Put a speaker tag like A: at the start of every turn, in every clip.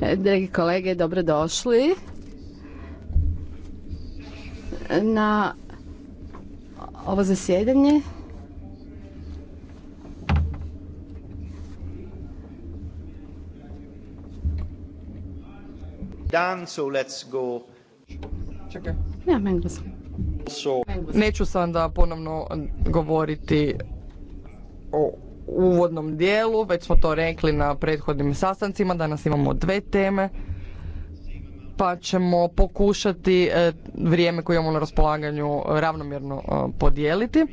A: E, dragi kolege, dobrodošli na ovo zasjedanje.
B: Dan, so let's Neću sam da ponovno govoriti o uvodnom dijelu, već smo to rekli na prethodnim sastancima, danas imamo dve teme pa ćemo pokušati e, vrijeme koje imamo na raspolaganju ravnomjerno e, podijeliti.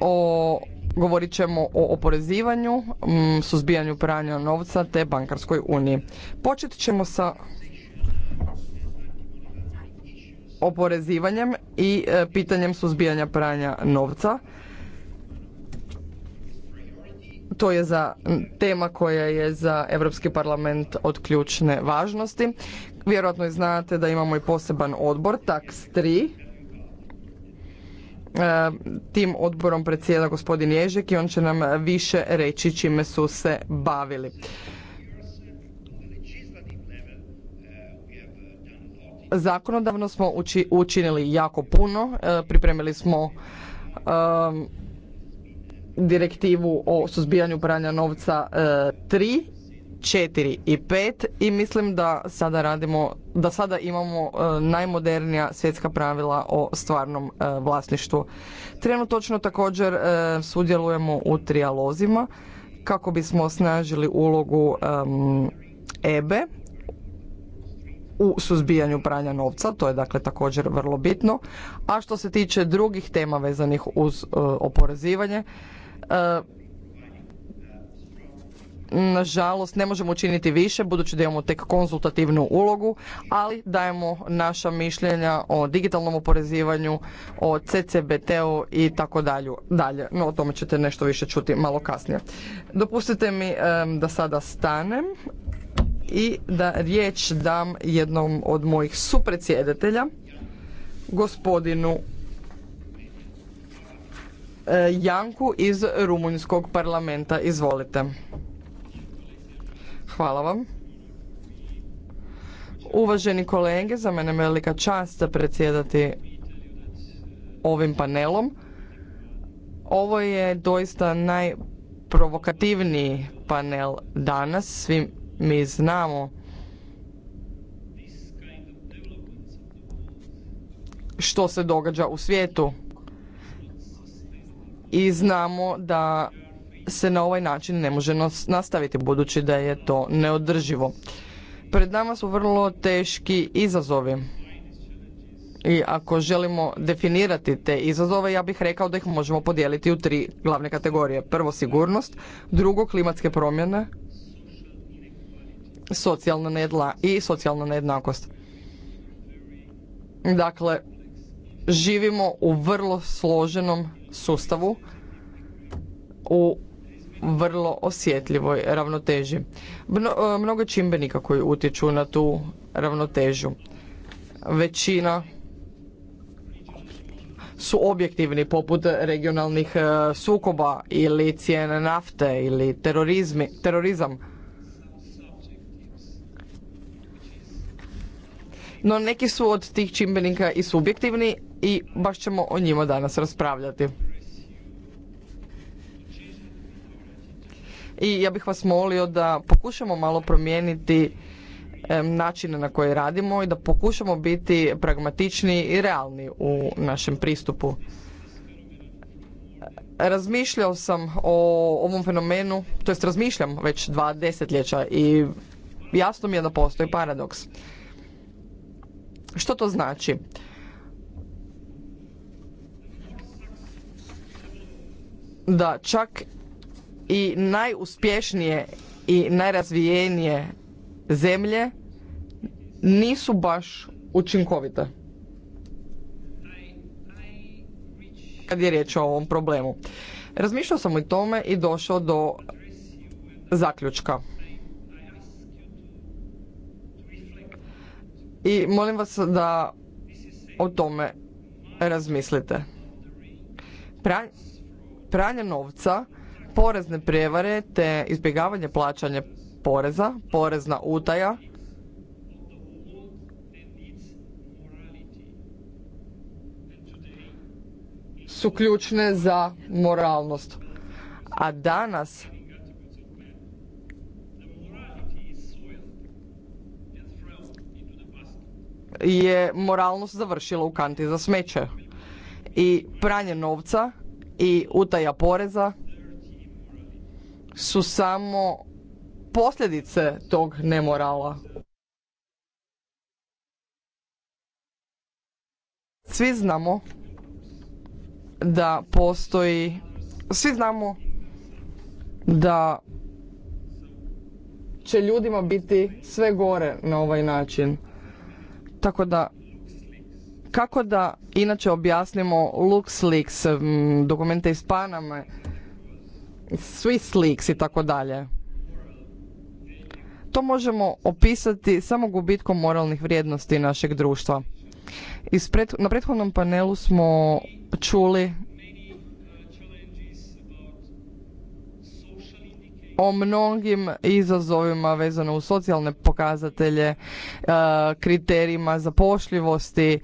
B: O, govorit ćemo o oporezivanju, suzbijanju pranja novca te bankarskoj uniji. Počet ćemo sa oporezivanjem i e, pitanjem suzbijanja pranja novca to je za tema koja je za Europski parlament od ključne važnosti. Vjerojatno i znate da imamo i poseban odbor, TAX 3, e, tim odborom predsjeda gospodin Ježek i on će nam više reći čime su se bavili. Zakonodavno smo učinili jako puno, e, pripremili smo e, direktivu o suzbijanju pranja novca 3, e, 4 i 5 i mislim da sada radimo, da sada imamo e, najmodernija svjetska pravila o stvarnom e, vlasništvu. Trenutočno također sudjelujemo u trijalozima kako bismo osnažili ulogu EBE u suzbijanju pranja novca, to je dakle također vrlo bitno. A što se tiče drugih tema vezanih uz oporezivanje, Eh, nažalost ne možemo učiniti više budući da imamo tek konzultativnu ulogu, ali dajemo naša mišljenja o digitalnom oporezivanju, o ccbt i tako dalje. No o tome ćete nešto više čuti malo kasnije. Dopustite mi da sada stanem i da riječ dam jednom od mojih supredsjedatelja, gospodinu E, Janku iz Rumunjskog parlamenta. Izvolite. Hvala vam. Uvaženi kolege, za mene je velika čast predsjedati ovim panelom. Ovo je doista najprovokativniji panel danas. Svi mi znamo što se događa u svijetu i znamo da se na ovaj način ne može nastaviti budući da je to neodrživo. Pred nama su vrlo teški izazovi. I ako želimo definirati te izazove, ja bih rekao da ih možemo podijeliti u tri glavne kategorije. Prvo sigurnost, drugo klimatske promjene, socijalna nedla i socijalna nejednakost. Dakle, živimo u vrlo složenom sustavu u vrlo osjetljivoj ravnoteži. E, mnogo čimbenika koji utječu na tu ravnotežu. Većina su objektivni poput regionalnih e, sukoba ili cijene nafte ili terorizmi, terorizam. No neki su od tih čimbenika i subjektivni, i baš ćemo o njima danas raspravljati. I ja bih vas molio da pokušamo malo promijeniti načine na koje radimo i da pokušamo biti pragmatični i realni u našem pristupu. Razmišljao sam o ovom fenomenu, to jest razmišljam već dva desetljeća i jasno mi je da postoji paradoks. Što to znači? da čak i najuspješnije i najrazvijenije zemlje nisu baš učinkovite. Kad je riječ o ovom problemu. Razmišljao sam o tome i došao do zaključka. I molim vas da o tome razmislite. Pra pranje novca, porezne prijevare te izbjegavanje plaćanja poreza, porezna utaja, su ključne za moralnost. A danas je moralnost završila u kanti za smeće. I pranje novca i utaja poreza su samo posljedice tog nemorala. Svi znamo da postoji, svi znamo da će ljudima biti sve gore na ovaj način. Tako da kako da inače objasnimo LuxLeaks, dokumente iz Panama, Swissleaks i tako dalje? To možemo opisati samo gubitkom moralnih vrijednosti našeg društva. na prethodnom panelu smo čuli o mnogim izazovima vezano uz socijalne pokazatelje, eh, kriterijima zapošljivosti,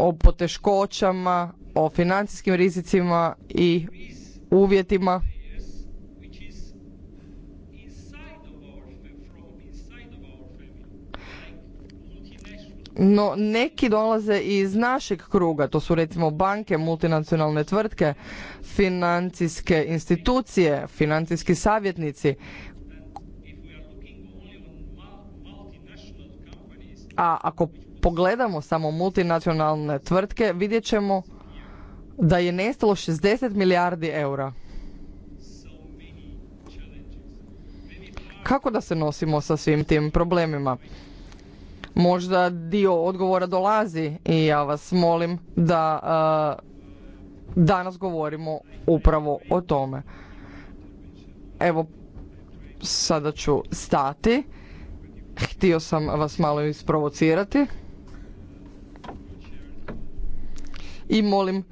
B: o poteškoćama, o financijskim rizicima i uvjetima no neki dolaze iz našeg kruga, to su recimo banke, multinacionalne tvrtke, financijske institucije, financijski savjetnici. A ako pogledamo samo multinacionalne tvrtke, vidjet ćemo da je nestalo 60 milijardi eura. Kako da se nosimo sa svim tim problemima? Možda dio odgovora dolazi i ja vas molim da eh, danas govorimo upravo o tome. Evo, sada ću stati. Htio sam vas malo isprovocirati. i molim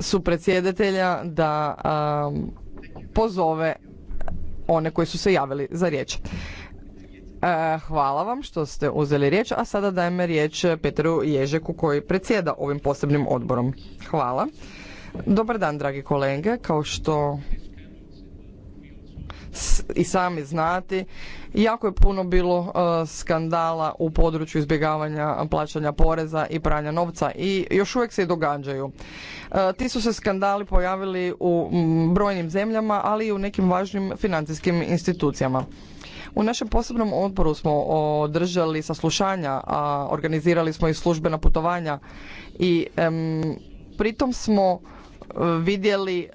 B: su da um, pozove one koji su se javili za riječ. Uh, hvala vam što ste uzeli riječ, a sada dajem riječ Petru Ježeku koji predsjeda ovim posebnim odborom. Hvala. Dobar dan, dragi kolege. Kao što i sami znati. Jako je puno bilo uh, skandala u području izbjegavanja plaćanja poreza i pranja novca i još uvijek se i događaju. Uh, ti su se skandali pojavili u brojnim zemljama, ali i u nekim važnim financijskim institucijama. U našem posebnom odboru smo održali saslušanja, a organizirali smo i službena putovanja i pritom smo vidjeli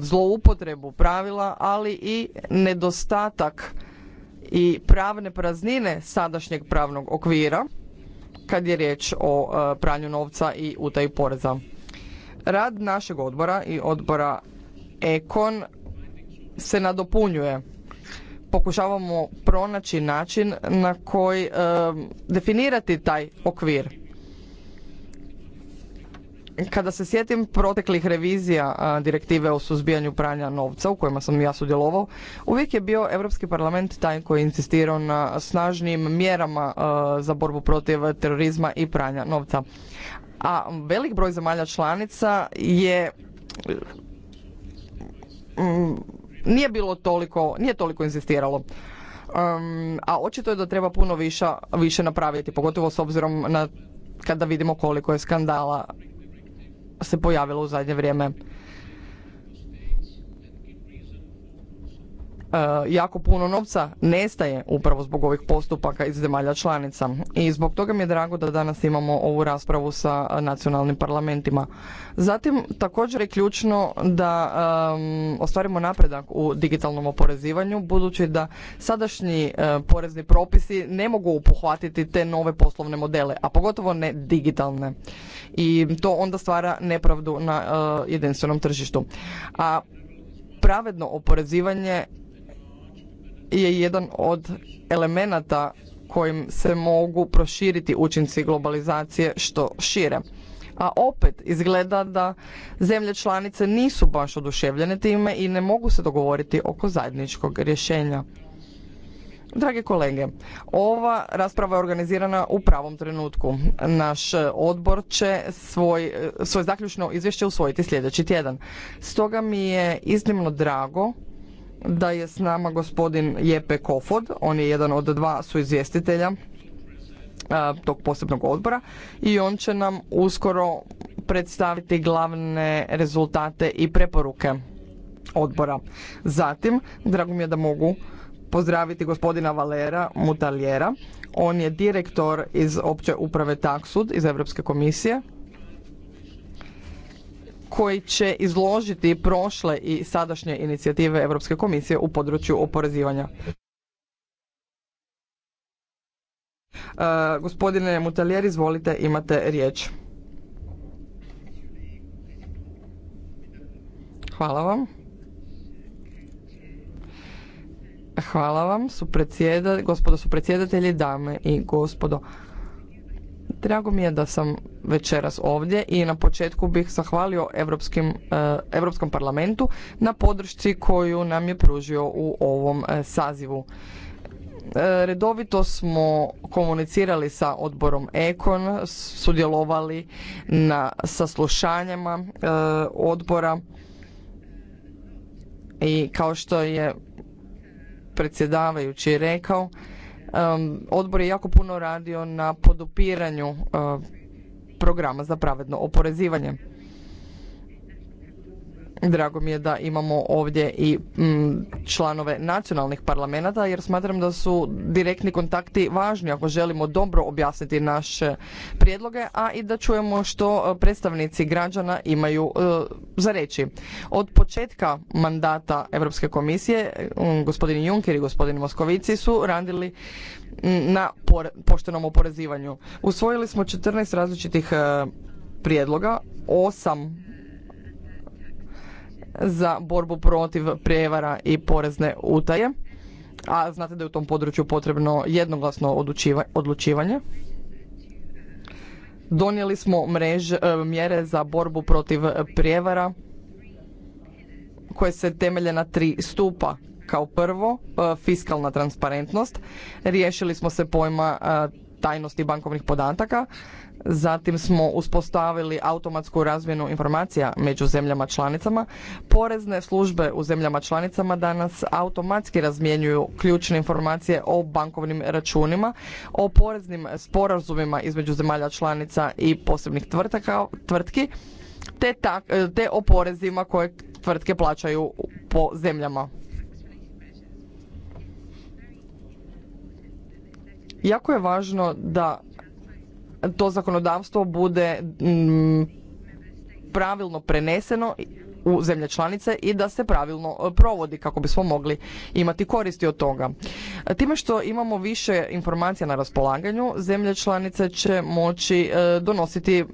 B: zloupotrebu pravila, ali i nedostatak i pravne praznine sadašnjeg pravnog okvira kad je riječ o e, pranju novca i utaji poreza. Rad našeg odbora i odbora Ekon se nadopunjuje. Pokušavamo pronaći način na koji definirati taj okvir kada se sjetim proteklih revizija direktive o suzbijanju pranja novca u kojima sam ja sudjelovao, uvijek je bio Europski parlament taj koji je insistirao na snažnim mjerama za borbu protiv terorizma i pranja novca. A velik broj zemalja članica je mm, nije bilo toliko, nije toliko inzistiralo. Um, a očito je da treba puno više napraviti, pogotovo s obzirom na kada vidimo koliko je skandala se pojavilo u zadnje vrijeme. E, jako puno novca nestaje upravo zbog ovih postupaka iz zemalja članica. I zbog toga mi je drago da danas imamo ovu raspravu sa nacionalnim parlamentima. Zatim također je ključno da ostvarimo napredak u digitalnom oporezivanju budući da sadašnji e, porezni propisi ne mogu upohvatiti te nove poslovne modele, a pogotovo ne digitalne. I to onda stvara nepravdu na e, jedinstvenom tržištu. A pravedno oporezivanje je jedan od elemenata kojim se mogu proširiti učinci globalizacije što šire. A opet izgleda da zemlje članice nisu baš oduševljene time i ne mogu se dogovoriti oko zajedničkog rješenja. Drage kolege, ova rasprava je organizirana u pravom trenutku. Naš odbor će svoj, svoj zaključno izvješće usvojiti sljedeći tjedan. Stoga mi je iznimno drago da je s nama gospodin Jepe Kofod, on je jedan od dva suizvjestitelja e, tog posebnog odbora i on će nam uskoro predstaviti glavne rezultate i preporuke odbora. Zatim, drago mi je da mogu pozdraviti gospodina Valera Mutaljera. On je direktor iz opće uprave Taksud iz Europske komisije koji će izložiti prošle i sadašnje inicijative Europske komisije u području oporezivanja. E, gospodine Mutalijer, izvolite, imate riječ. Hvala vam. Hvala vam, gospodo su predsjedatelji, dame i gospodo. Drago mi je da sam večeras ovdje i na početku bih zahvalio Europskom e, parlamentu na podršci koju nam je pružio u ovom e, sazivu. E, redovito smo komunicirali sa odborom Ekon, sudjelovali na saslušanjima odbora i kao što je predsjedavajući rekao, odbor je jako puno radio na podupiranju eh, programa za pravedno oporezivanje. Drago mi je da imamo ovdje i mm, članove nacionalnih parlamenta jer smatram da su direktni kontakti važni ako želimo dobro objasniti naše prijedloge, a i da čujemo što e, predstavnici građana imaju e, za reći. Od početka mandata Europske komisije mm, gospodin Juncker i gospodin Moskovici su radili mm, na poštenom oporezivanju. Usvojili smo 14 različitih e, prijedloga, osam za borbu protiv prijevara i porezne utaje, a znate da je u tom području potrebno jednoglasno odlučivanje. Donijeli smo mrež, e, mjere za borbu protiv prijevara koje se temelje na tri stupa. Kao prvo, e, fiskalna transparentnost. Riješili smo se pojma e, tajnosti bankovnih podataka. Zatim smo uspostavili automatsku razmjenu informacija među zemljama članicama. Porezne službe u zemljama članicama danas automatski razmjenjuju ključne informacije o bankovnim računima, o poreznim sporazumima između zemalja članica i posebnih tvrtaka, tvrtki, te, tak, te o porezima koje tvrtke plaćaju po zemljama. Jako je važno da to zakonodavstvo bude mm, pravilno preneseno u zemlje članice i da se pravilno e, provodi kako bismo mogli imati koristi od toga. Time što imamo više informacija na raspolaganju, zemlje članice će moći e, donositi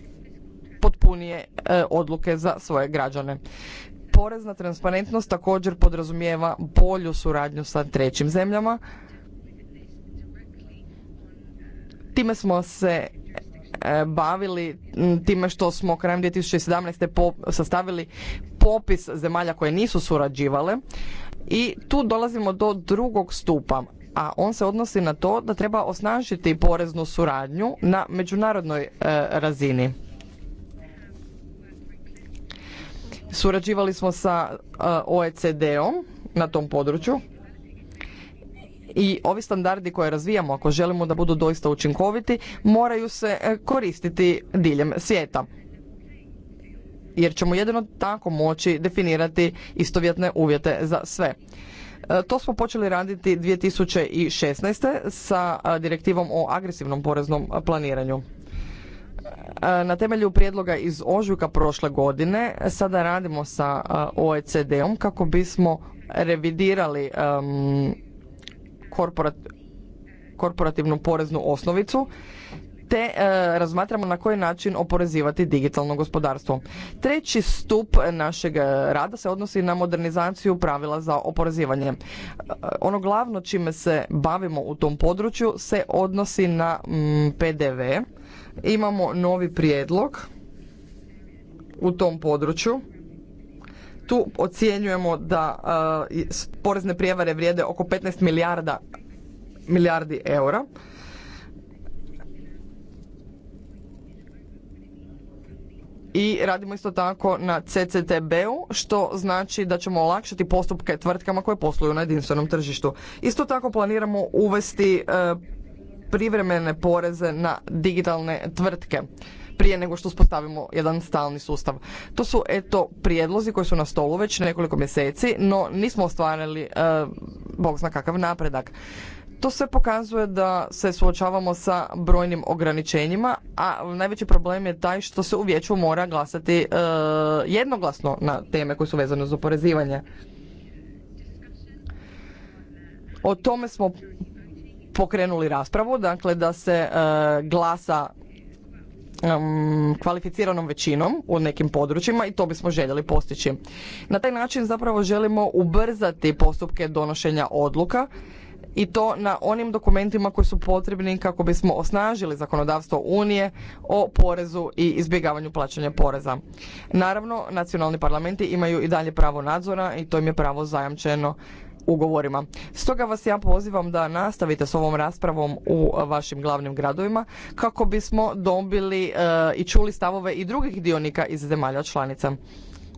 B: potpunije e, odluke za svoje građane. Porezna transparentnost također podrazumijeva bolju suradnju sa trećim zemljama Time smo se e, bavili time što smo krajem 2017. Po, sastavili popis zemalja koje nisu surađivale i tu dolazimo do drugog stupa a on se odnosi na to da treba osnažiti poreznu suradnju na međunarodnoj e, razini. Surađivali smo sa e, OECD-om na tom području i ovi standardi koje razvijamo ako želimo da budu doista učinkoviti moraju se e, koristiti diljem svijeta jer ćemo jedino tako moći definirati istovjetne uvjete za sve. E, to smo počeli raditi 2016. sa e, direktivom o agresivnom poreznom planiranju. Na temelju prijedloga iz ožujka prošle godine sada radimo sa OECD-om kako bismo revidirali korporativnu poreznu osnovicu te e, razmatramo na koji način oporezivati digitalno gospodarstvo. Treći stup našeg e, rada se odnosi na modernizaciju pravila za oporezivanje. E, ono glavno čime se bavimo u tom području se odnosi na PDV. Imamo novi prijedlog u tom području tu ocjenjujemo da e, porezne prijevare vrijede oko 15 milijarda milijardi eura. I radimo isto tako na CCTB-u, što znači da ćemo olakšati postupke tvrtkama koje posluju na jedinstvenom tržištu. Isto tako planiramo uvesti e, privremene poreze na digitalne tvrtke prije nego što uspostavimo jedan stalni sustav. To su eto prijedlozi koji su na stolu već nekoliko mjeseci, no nismo ostvarili e, bog zna kakav napredak. To sve pokazuje da se suočavamo sa brojnim ograničenjima, a najveći problem je taj što se u vijeću mora glasati e, jednoglasno na teme koje su vezane za oporezivanje. O tome smo pokrenuli raspravu, dakle da se e, glasa um, kvalificiranom većinom u nekim područjima i to bismo željeli postići. Na taj način zapravo želimo ubrzati postupke donošenja odluka i to na onim dokumentima koji su potrebni kako bismo osnažili zakonodavstvo Unije o porezu i izbjegavanju plaćanja poreza. Naravno, nacionalni parlamenti imaju i dalje pravo nadzora i to im je pravo zajamčeno ugovorima. Stoga vas ja pozivam da nastavite s ovom raspravom u vašim glavnim gradovima kako bismo dobili e, i čuli stavove i drugih dionika iz zemalja članica.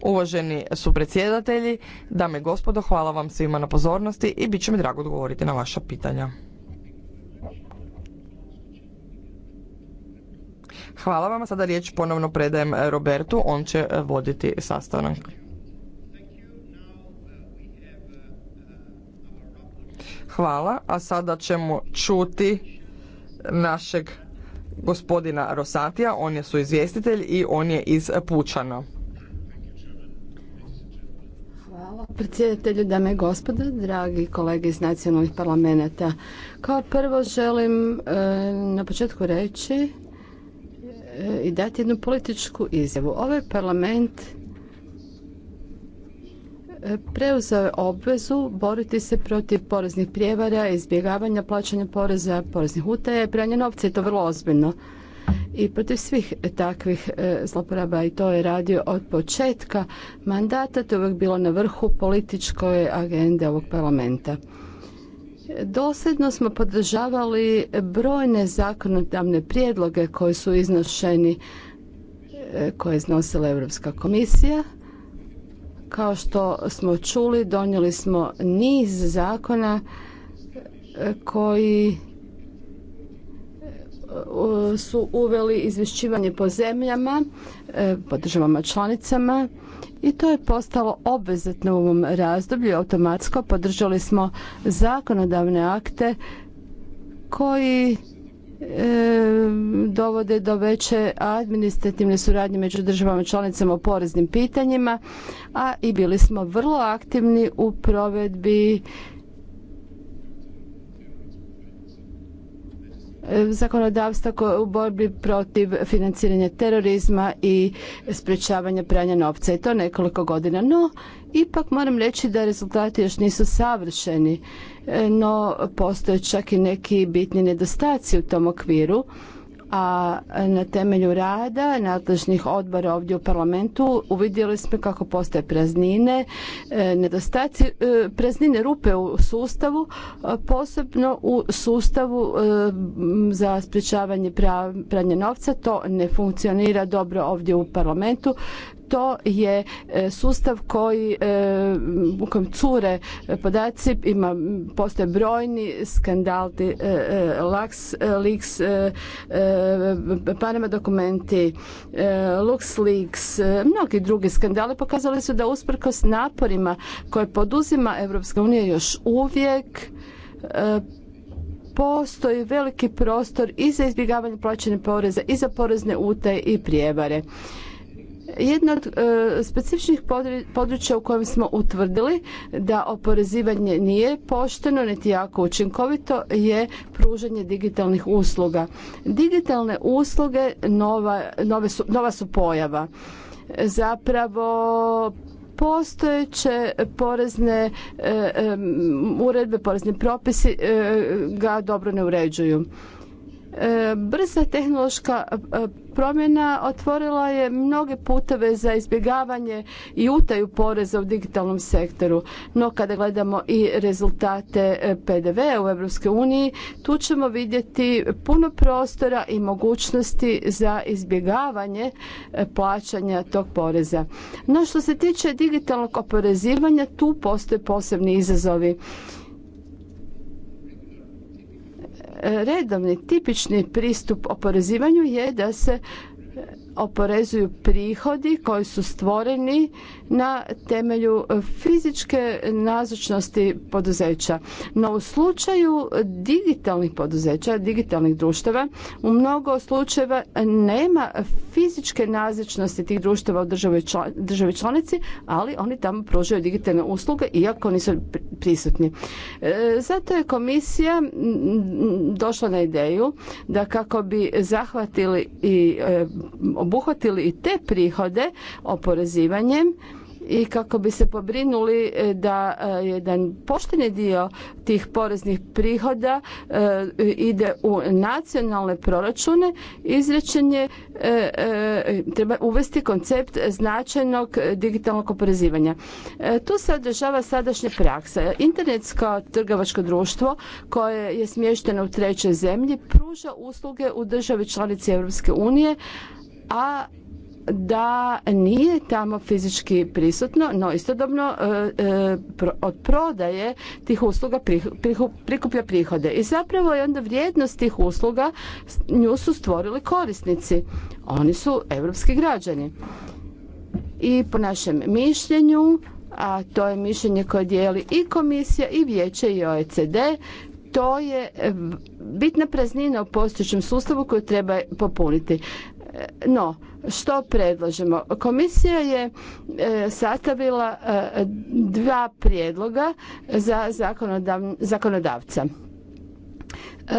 B: Uvaženi su predsjedatelji, dame i gospodo, hvala vam svima na pozornosti i bit će mi drago odgovoriti na vaša pitanja. Hvala vam, sada riječ ponovno predajem Robertu, on će voditi sastanak. Hvala, a sada ćemo čuti našeg gospodina Rosatija, on je suizvjestitelj i on je iz Pučana.
A: Hvala predsjedatelju, dame i gospode, dragi kolege iz nacionalnih parlamenta. Kao prvo želim e, na početku reći e, i dati jednu političku izjavu. Ovaj parlament preuzeo je obvezu boriti se protiv poreznih prijevara, izbjegavanja plaćanja poreza, poreznih utaja i pranja novca i to vrlo ozbiljno. I protiv svih takvih e, zloporaba i to je radio od početka mandata, to je uvijek bilo na vrhu političkoj agende ovog parlamenta. Dosljedno smo podržavali brojne zakonodavne prijedloge koji su iznošeni, e, koje je iznosila Europska komisija kao što smo čuli, donijeli smo niz zakona e, koji e, su uveli izvješćivanje po zemljama, e, po državama članicama i to je postalo obvezatno u ovom razdoblju automatsko. Podržali smo zakonodavne akte koji E, dovode do veće administrativne suradnje među državama članicama o poreznim pitanjima, a i bili smo vrlo aktivni u provedbi e, zakonodavstva u borbi protiv financiranja terorizma i sprečavanja pranja novca i to nekoliko godina. No, ipak moram reći da rezultati još nisu savršeni no postoje čak i neki bitni nedostaci u tom okviru a na temelju rada nadležnih odbora ovdje u parlamentu uvidjeli smo kako postoje praznine, e, nedostaci, e, praznine rupe u sustavu, e, posebno u sustavu za sprječavanje pranja novca. To ne funkcionira dobro ovdje u parlamentu to je e, sustav koji e, u kojem cure podaci, ima, postoje brojni skandalti, e, Lux, Leaks, Panama dokumenti, Leaks, mnogi drugi skandali pokazali su da usprkos naporima koje poduzima Europska unija još uvijek postoji veliki prostor i za izbjegavanje plaćanja poreza i za porezne utaje i prijevare. Jedno od e, specifičnih područja u kojem smo utvrdili da oporezivanje nije pošteno niti jako učinkovito je pružanje digitalnih usluga. Digitalne usluge nova, nove su, nova su pojava. Zapravo postojeće porezne e, e, uredbe, porezni propisi ga dobro ne uređuju. E, brza tehnološka e, promjena otvorila je mnoge puteve za izbjegavanje i utaju poreza u digitalnom sektoru. No kada gledamo i rezultate e, PDV u EU, tu ćemo vidjeti puno prostora i mogućnosti za izbjegavanje plaćanja tog poreza. No što se tiče digitalnog oporezivanja, tu postoje posebni izazovi redovni tipični pristup oporezivanju je da se oporezuju prihodi koji su stvoreni na temelju e, fizičke nazočnosti poduzeća. No u slučaju digitalnih poduzeća, digitalnih društava, u mnogo slučajeva nema fizičke nazočnosti tih društava u državi članici, ali oni tamo pružaju digitalne usluge iako nisu prisutni. E, zato je komisija došla na ideju da kako bi zahvatili i e, obuhvatili i te prihode oporezivanjem i kako bi se pobrinuli e, da e, jedan pošteni dio tih poreznih prihoda e, ide u nacionalne proračune izrečen je treba uvesti koncept značajnog digitalnog oporezivanja. Tu se održava sadašnja praksa. Internetsko trgovačko društvo koje je smješteno u trećoj zemlji pruža usluge u državi članici Europske unije, a da nije tamo fizički prisutno, no istodobno e, e, od prodaje tih usluga prikuplja prihode. I zapravo je onda vrijednost tih usluga nju su stvorili korisnici. Oni su europski građani. I po našem mišljenju, a to je mišljenje koje dijeli i komisija i vijeće i OECD, to je bitna praznina u postojećem sustavu koju treba popuniti. No, što predlažemo? Komisija je e, sastavila e, dva prijedloga za zakonodavca.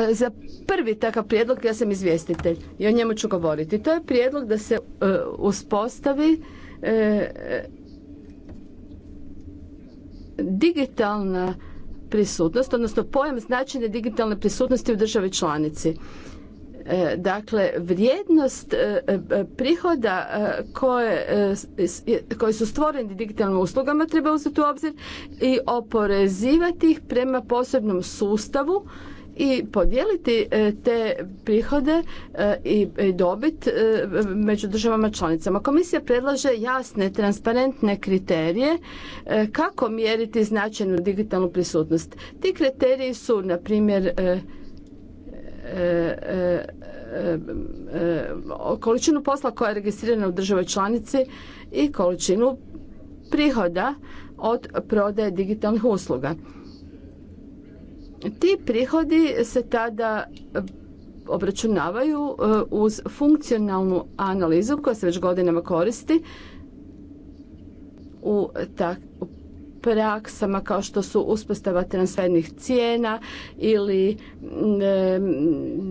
A: E, za prvi takav prijedlog ja sam izvjestitelj i o njemu ću govoriti. To je prijedlog da se uspostavi digitalna prisutnost, odnosno pojam značajne digitalne prisutnosti u državi članici. E, dakle, vrijednost e, e, prihoda koje, koji su stvoreni digitalnim uslugama treba uzeti u obzir i oporezivati ih prema posebnom sustavu i podijeliti te prihode i dobit među državama članicama. Komisija predlaže jasne, transparentne kriterije kako mjeriti značajnu digitalnu prisutnost. Ti kriteriji su, na primjer, E, e, e, količinu posla koja je registrirana u državoj članici i količinu prihoda od prodaje digitalnih usluga. Ti prihodi se tada obračunavaju uz funkcionalnu analizu koja se već godinama koristi u tak praksama kao što su uspostava transfernih cijena ili mm, e,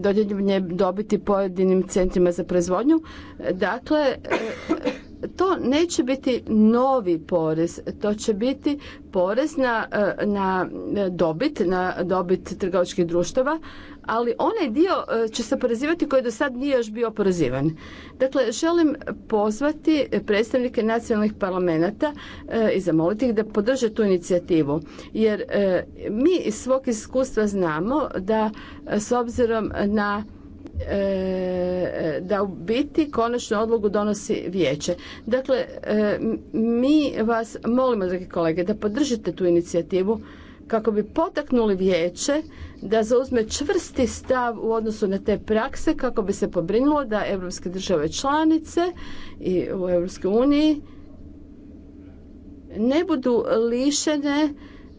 A: dodjeljivanje dobiti pojedinim centrima za proizvodnju. Dakle, e, to neće biti novi porez, to će biti porez na, e, na e, dobit, na dobit trgovačkih društava, ali onaj dio e, će se porezivati koji do sad nije još bio porezivan. Dakle, želim pozvati predstavnike nacionalnih parlamenta i zamoliti ih da podrže tu inicijativu. Jer mi iz svog iskustva znamo da s obzirom na E, da u biti konačnu odluku donosi vijeće. Dakle, e, mi vas molimo, dragi kolege, da podržite tu inicijativu kako bi potaknuli vijeće da zauzme čvrsti stav u odnosu na te prakse kako bi se pobrinulo da europske države članice i u Europskoj uniji ne budu lišene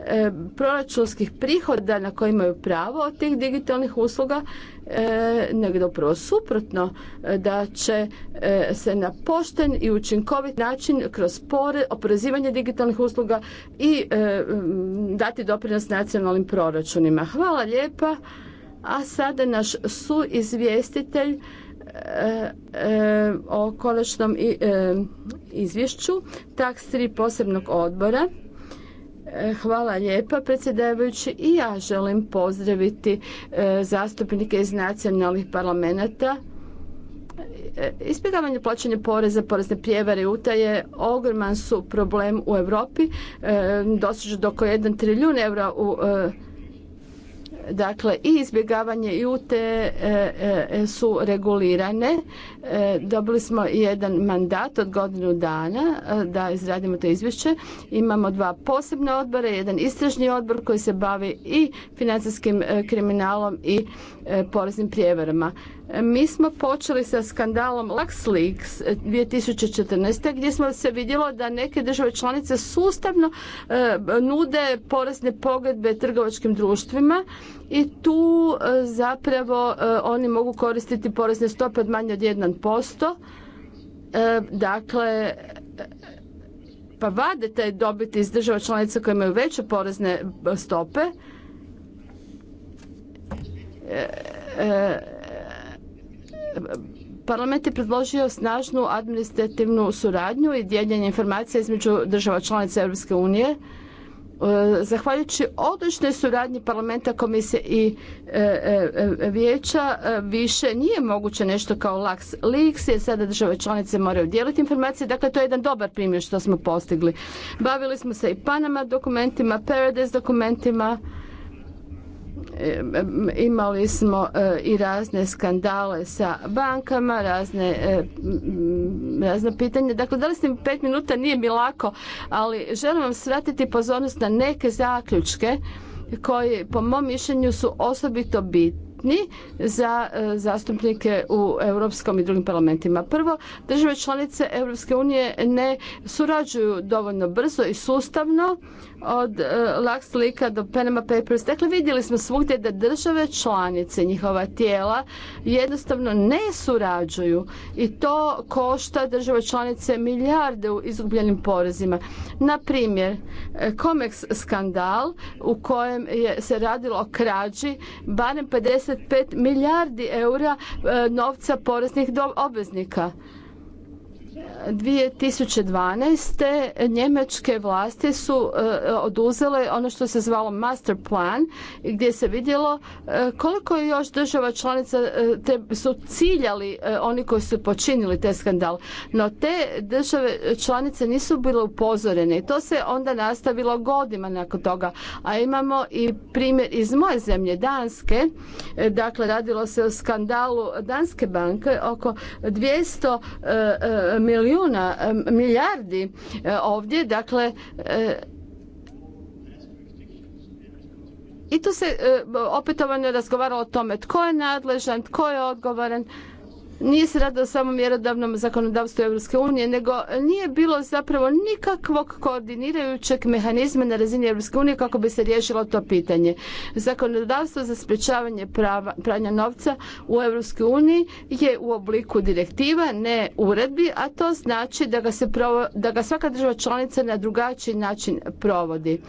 A: e, proračunskih prihoda na koje imaju pravo od tih digitalnih usluga E, nego upravo suprotno e, da će e, se na pošten i učinkovit način kroz pore, oporezivanje digitalnih usluga i dati doprinos nacionalnim proračunima. Hvala lijepa. A sada naš suizvjestitelj o konačnom izvješću taks 3 posebnog odbora Hvala lijepa predsjedavajući i ja želim pozdraviti e, zastupnike iz nacionalnih parlamenta. E, Ispjegavanje plaćanja poreza, porezne prijevare i utaje ogroman su problem u Europi. E, dosežu do oko 1 trilijun eura u Dakle, i izbjegavanje i UTE e, e, su regulirane. E, dobili smo jedan mandat od godinu dana da izradimo to izvješće. Imamo dva posebna odbora, jedan istražni odbor koji se bavi i financijskim kriminalom i poreznim prijevarama. Mi smo počeli sa skandalom LuxLeaks 2014. gdje smo se vidjelo da neke države članice sustavno e, nude porezne pogodbe trgovačkim društvima i tu e, zapravo e, oni mogu koristiti porezne stope od manje od 1%. Dakle, pa vade te dobiti iz država članica koje imaju veće porezne stope. Parlament je predložio snažnu administrativnu suradnju i dijeljenje informacija između država članica Europske unije. E, zahvaljujući odličnoj suradnji parlamenta, komisije i e, e, vijeća više nije moguće nešto kao lax leaks jer sada države članice moraju dijeliti informacije. Dakle, to je jedan dobar primjer što smo postigli. Bavili smo se i Panama dokumentima, Paradise dokumentima, imali smo e, i razne skandale sa bankama, razne, e, razne pitanja. Dakle, dali ste mi pet minuta, nije mi lako, ali želim vam svratiti pozornost na neke zaključke koji po mom mišljenju su osobito bitni za e, zastupnike u europskom i drugim parlamentima. Prvo, države članice Europske unije ne surađuju dovoljno brzo i sustavno od e, Lux Lika do Panama Papers. Dakle, vidjeli smo svugdje da države članice, njihova tijela, jednostavno ne surađuju i to košta države članice milijarde u izgubljenim porezima. Na primjer, e, Comex skandal u kojem je se radilo o krađi barem 55 milijardi eura e, novca poreznih obveznika. 2012. njemačke vlasti su e, oduzele ono što se zvalo master plan gdje se vidjelo e, koliko je još država članica e, te su ciljali oni koji su počinili taj skandal. No te države članice nisu bile upozorene i to se onda nastavilo godima nakon toga. A imamo i primjer iz moje zemlje Danske. Dakle, radilo se o skandalu Danske banke oko 200 milijuna milijuna, milijardi e, ovdje, dakle e, i tu se e, opetovano razgovaralo o tome tko je nadležan, tko je odgovoran nije se radilo samo mjerodavnom zakonodavstvu Europske unije, nego nije bilo zapravo nikakvog koordinirajućeg mehanizma na razini Europske unije kako bi se riješilo to pitanje. Zakonodavstvo za sprječavanje pranja novca u europske uniji je u obliku direktiva, ne uredbi, a to znači da ga, se da ga svaka država članica na drugačiji način provodi.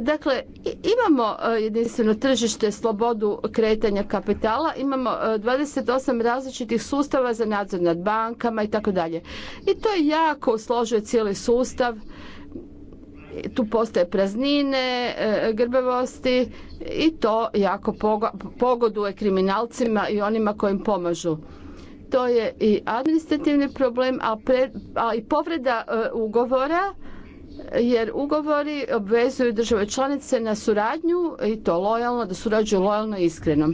A: Dakle, imamo e, jedinstveno tržište, slobodu kretanja kapitala, imamo 28 e, različitih sustava za nadzor nad bankama i tako dalje. I to je jako složuje cijeli sustav. Tu postoje praznine, e, grbevosti i to jako pogoduje kriminalcima i onima kojim pomažu to je i administrativni problem, a, i povreda ugovora jer ugovori obvezuju države članice na suradnju i to lojalno, da surađuju lojalno i iskreno.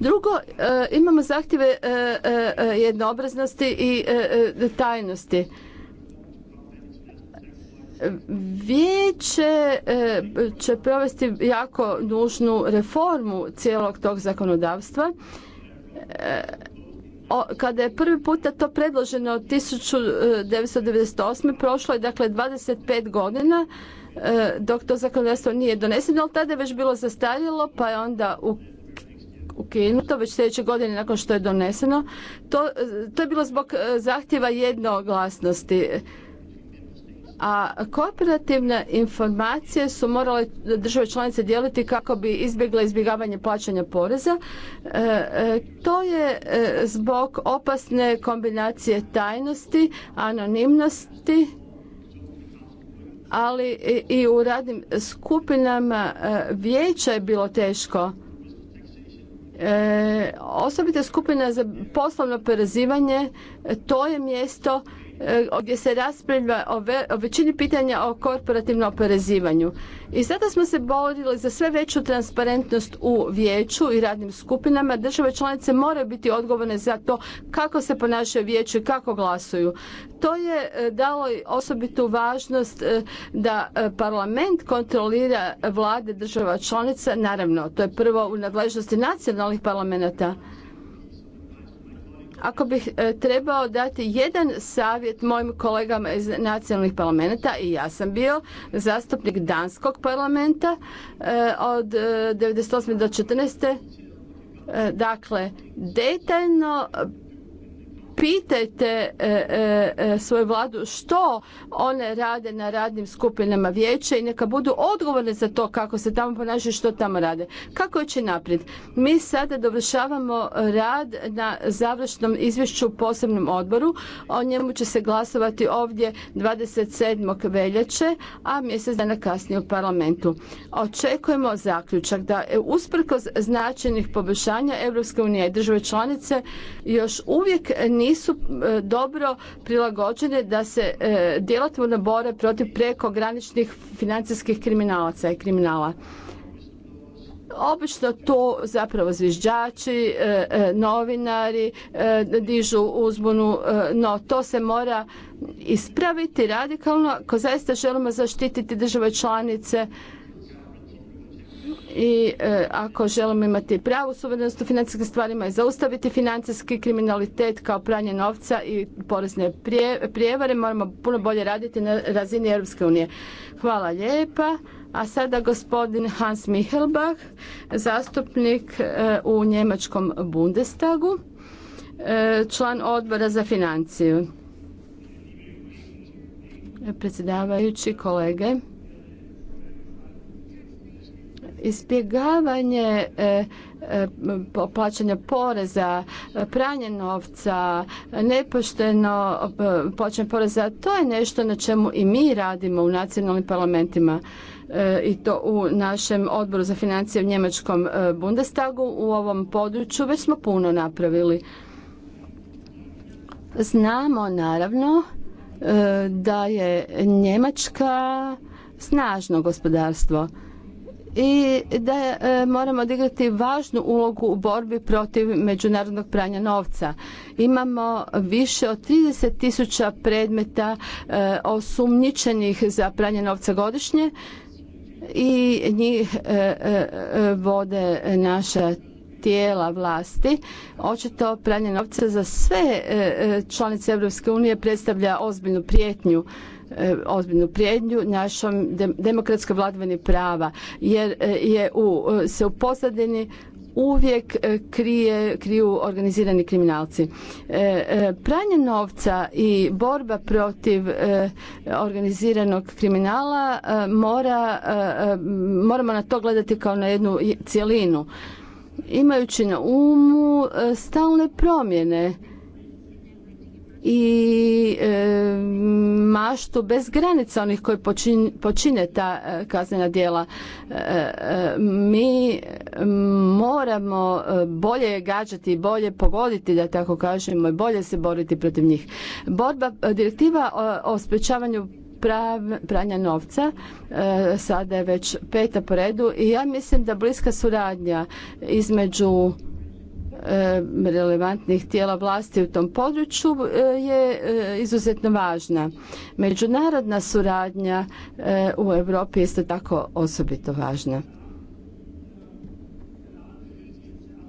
A: Drugo, e, imamo zahtjeve e, e, jednoobraznosti i tajnosti. Vijeće će provesti jako nužnu reformu cijelog tog zakonodavstva kada je prvi puta to predloženo od 1998. E, prošlo je dakle 25 godina e, dok to zakonodavstvo nije doneseno, ali tada je već bilo zastarjelo pa je onda u ukinuto već sljedeće godine nakon što je doneseno. To, e, to je bilo zbog zahtjeva jednoglasnosti a kooperativne informacije su morale države članice dijeliti kako bi izbjegle izbjegavanje plaćanja poreza. E, e, to je e, zbog opasne kombinacije tajnosti, anonimnosti, ali i u radnim skupinama vijeća je bilo teško. E, osobite skupina za poslovno oporezivanje to je mjesto E, gdje se raspravlja o, o većini pitanja o korporativnom oporezivanju. I sada smo se borili za sve veću transparentnost u vijeću i radnim skupinama. Države članice moraju biti odgovorne za to kako se ponašaju vijeću i kako glasuju. To je e, dalo osobitu važnost e, da parlament kontrolira vlade država članica. Naravno, to je prvo u nadležnosti nacionalnih parlamenta ako bih e, trebao dati jedan savjet mojim kolegama iz nacionalnih parlamenta i ja sam bio zastupnik danskog parlamenta e, od 98. E, do 14. Dakle, detaljno pitajte e, e, e, svoju vladu što one rade na radnim skupinama vijeća i neka budu odgovorne za to kako se tamo ponašaju što tamo rade. Kako će naprijed? Mi sada dovršavamo rad na završnom izvješću u posebnom odboru. O njemu će se glasovati ovdje 27. veljače, a mjesec dana kasnije u parlamentu. Očekujemo zaključak da usprkos značajnih poboljšanja Europske unije i države članice još uvijek nije nisu e, dobro prilagođene da se e, djelotvorno bore protiv prekograničnih financijskih kriminalaca i kriminala. Obično to zapravo zviždači, e, novinari dižu uzbunu, no to se mora ispraviti radikalno ako zaista želimo zaštititi države članice i e, ako želimo imati pravu suverenost u financijskim stvarima i zaustaviti financijski kriminalitet kao pranje novca i porezne prijevare, moramo puno bolje raditi na razini Europske unije. Hvala lijepa. A sada gospodin Hans Michelbach, zastupnik e, u njemačkom Bundestagu, e, član odbora za financiju. Predsjedavajući kolege, izbjegavanje e, e, plaćanja poreza, pranje novca, nepošteno e, plaćanje poreza, to je nešto na čemu i mi radimo u nacionalnim parlamentima i to u našem odboru za financije u njemačkom Bundestagu u ovom području već smo puno napravili. Znamo naravno da je Njemačka snažno gospodarstvo i da e, moramo odigrati važnu ulogu u borbi protiv međunarodnog pranja novca. Imamo više od 30 tisuća predmeta e, osumnjičenih za pranje novca godišnje i njih e, vode naša tijela vlasti. Očito pranje novca za sve članice EU unije predstavlja ozbiljnu prijetnju E, ozbiljnu prijednju našom demokratskoj vladavini prava jer e, je u, e, se u pozadini uvijek krije, kriju organizirani kriminalci. Pranje novca i borba protiv organiziranog kriminala mora, moramo na to gledati kao na jednu cjelinu. Imajući na umu stalne promjene i e, maštu bez granica onih koji počine ta e, kaznena djela. E, mi moramo bolje gađati i bolje pogoditi, da tako kažemo, i bolje se boriti protiv njih. Borba, direktiva o, o sprečavanju pranja novca sada je već peta po redu i ja mislim da bliska suradnja između E, relevantnih tijela vlasti u tom području e, je e, izuzetno važna. Međunarodna suradnja u Europi je isto tako osobito važna.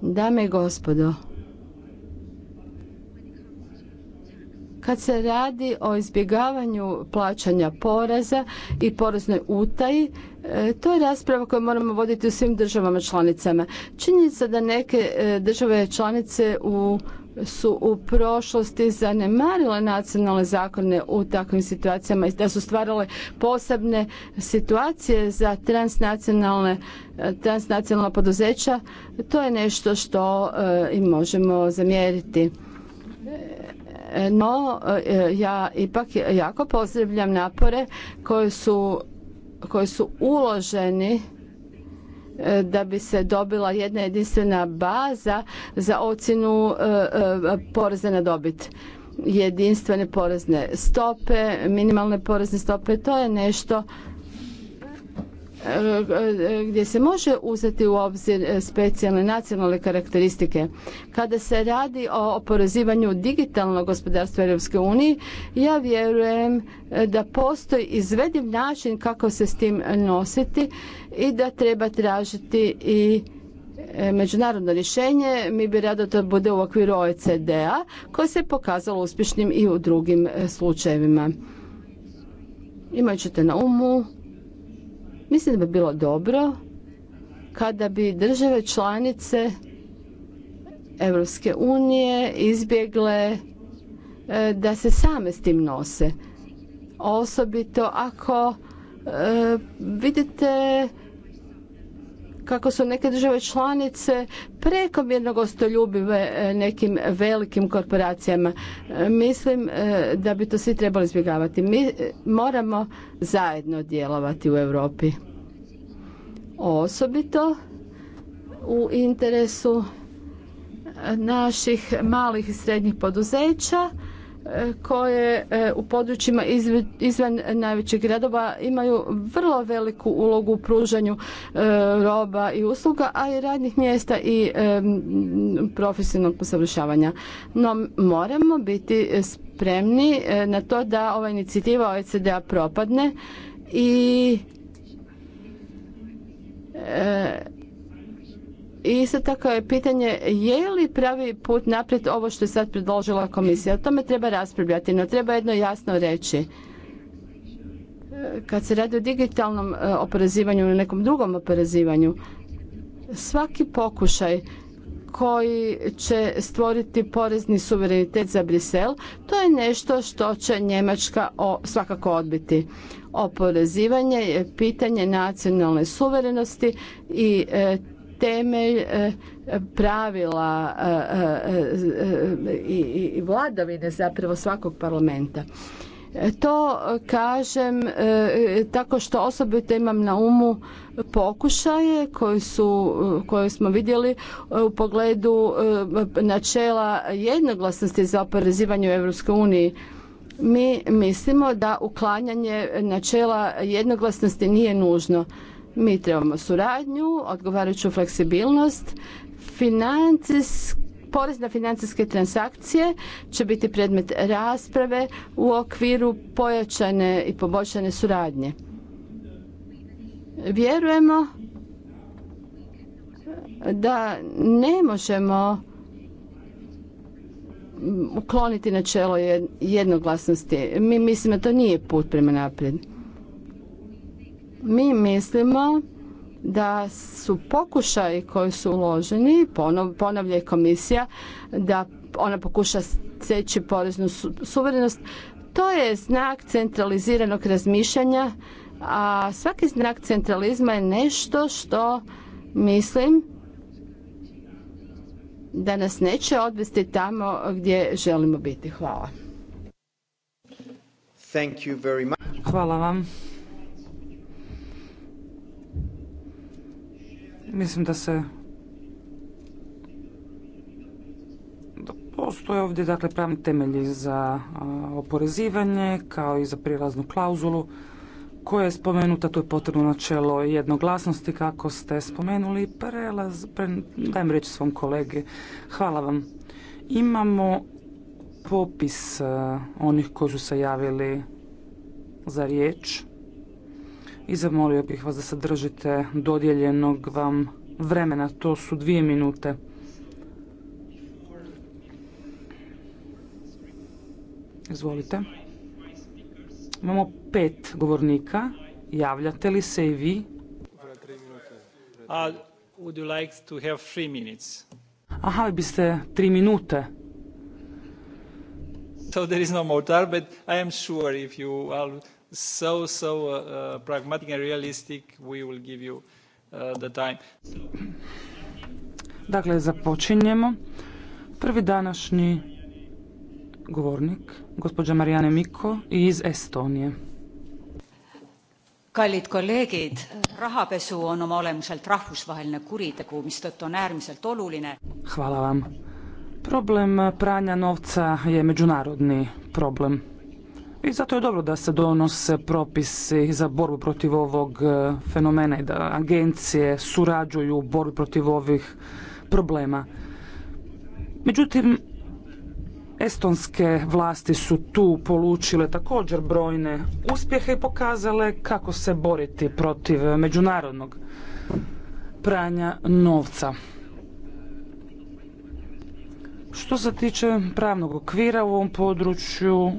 A: Dame i gospodo, Kad se radi o izbjegavanju plaćanja poreza i poreznoj utaji, e, to je rasprava koju moramo voditi u svim državama članicama. Činjenica da neke e, države članice u su u prošlosti zanemarile nacionalne zakone u takvim situacijama i da su stvarale posebne situacije za transnacionalne e, transnacionalna poduzeća to je nešto što im možemo zamjeriti no, e, ja ipak jako pozdravljam napore koji su, koji su uloženi e, da bi se dobila jedna jedinstvena baza za ocjenu e, poreza na dobit jedinstvene porezne stope, minimalne porezne stope, to je nešto gdje se može uzeti u obzir e, specijalne nacionalne karakteristike. Kada se radi o oporezivanju digitalnog gospodarstva Europske unije, ja vjerujem e, da postoji izvediv način kako se s tim nositi i da treba tražiti i e, međunarodno rješenje. Mi bi rado to bude u okviru OECD-a koje se pokazalo uspješnim i u drugim slučajevima. imajući ćete na umu Mislim da bi bilo dobro kada bi države članice Europske unije izbjegle e, da se same s tim nose. Osobito ako e, vidite kako su neke države članice prekomjerno gostoljubive e, nekim velikim korporacijama. E, mislim e, da bi to svi trebali izbjegavati. Mi moramo zajedno djelovati u Europi. Osobito u interesu naših malih i srednjih poduzeća koje e, u područjima izvan najvećih gradova imaju vrlo veliku ulogu u pružanju e, roba i usluga, a i radnih mjesta i e, profesionalnog usavršavanja. No moramo biti spremni na to da ova inicijativa OECD-a propadne i i isto tako je pitanje je li pravi put naprijed ovo što je sad predložila komisija. O tome treba raspravljati, no treba jedno jasno reći. Kad se radi o digitalnom e, oporezivanju ili nekom drugom oporezivanju, svaki pokušaj koji će stvoriti porezni suverenitet za Brisel, to je nešto što će Njemačka svakako odbiti. Oporezivanje je pitanje nacionalne suverenosti i e, temelj e, pravila e, e, i vladavine zapravo svakog parlamenta. To kažem tako što osobito imam na umu pokušaje koje, su, smo vidjeli u pogledu načela jednoglasnosti za oporezivanje u EU. Mi mislimo da uklanjanje načela jednoglasnosti nije nužno mi trebamo suradnju, odgovarajuću fleksibilnost, porez na financijske transakcije će biti predmet rasprave u okviru pojačane i poboljšane suradnje. Vjerujemo da ne možemo ukloniti načelo jednoglasnosti. Mi mislimo da to nije put prema naprijed. Mi mislimo da su pokušaji koji su uloženi, ponavlja i komisija, da ona pokuša seći poreznu suverenost, to je znak centraliziranog razmišljanja, a svaki znak centralizma je nešto što mislim da nas neće odvesti tamo gdje želimo biti. Hvala. Hvala vam.
C: Mislim da se da postoje ovdje dakle pravni temelji za oporezivanje kao i za prijelaznu klauzulu koja je spomenuta, to je potrebno načelo jednoglasnosti kako ste spomenuli. Prelaz, dajem reći svom kolegi. Hvala vam. Imamo popis onih koji su se javili za riječ i zamolio bih vas da se držite dodijeljenog vam vremena. To su dvije minute. Izvolite. Imamo pet govornika. Javljate li se i vi? a uh, would you like to have three minutes? Aha, biste tri minute. So there is no more time, but I am sure if you are so so uh, uh, pragmatic and realistic, we will give you uh, the time. Dakle, započinjemo. Prvi današnji govornik, gospođa Marijane Miko iz Estonije.
A: Kallid kolleegid, rahapesu on oma olemuselt rahvusvaheline kuritegu, mistõttu on äärmiselt oluline.
C: Hvala vam. Problem pranja novca je međunarodni problem. I zato je dobro da se donose propisi za borbu protiv ovog e, fenomena i da agencije surađuju u borbi protiv ovih problema. Međutim, estonske vlasti su tu polučile također brojne uspjehe i pokazale kako se boriti protiv međunarodnog pranja novca. Što se tiče pravnog okvira u ovom području,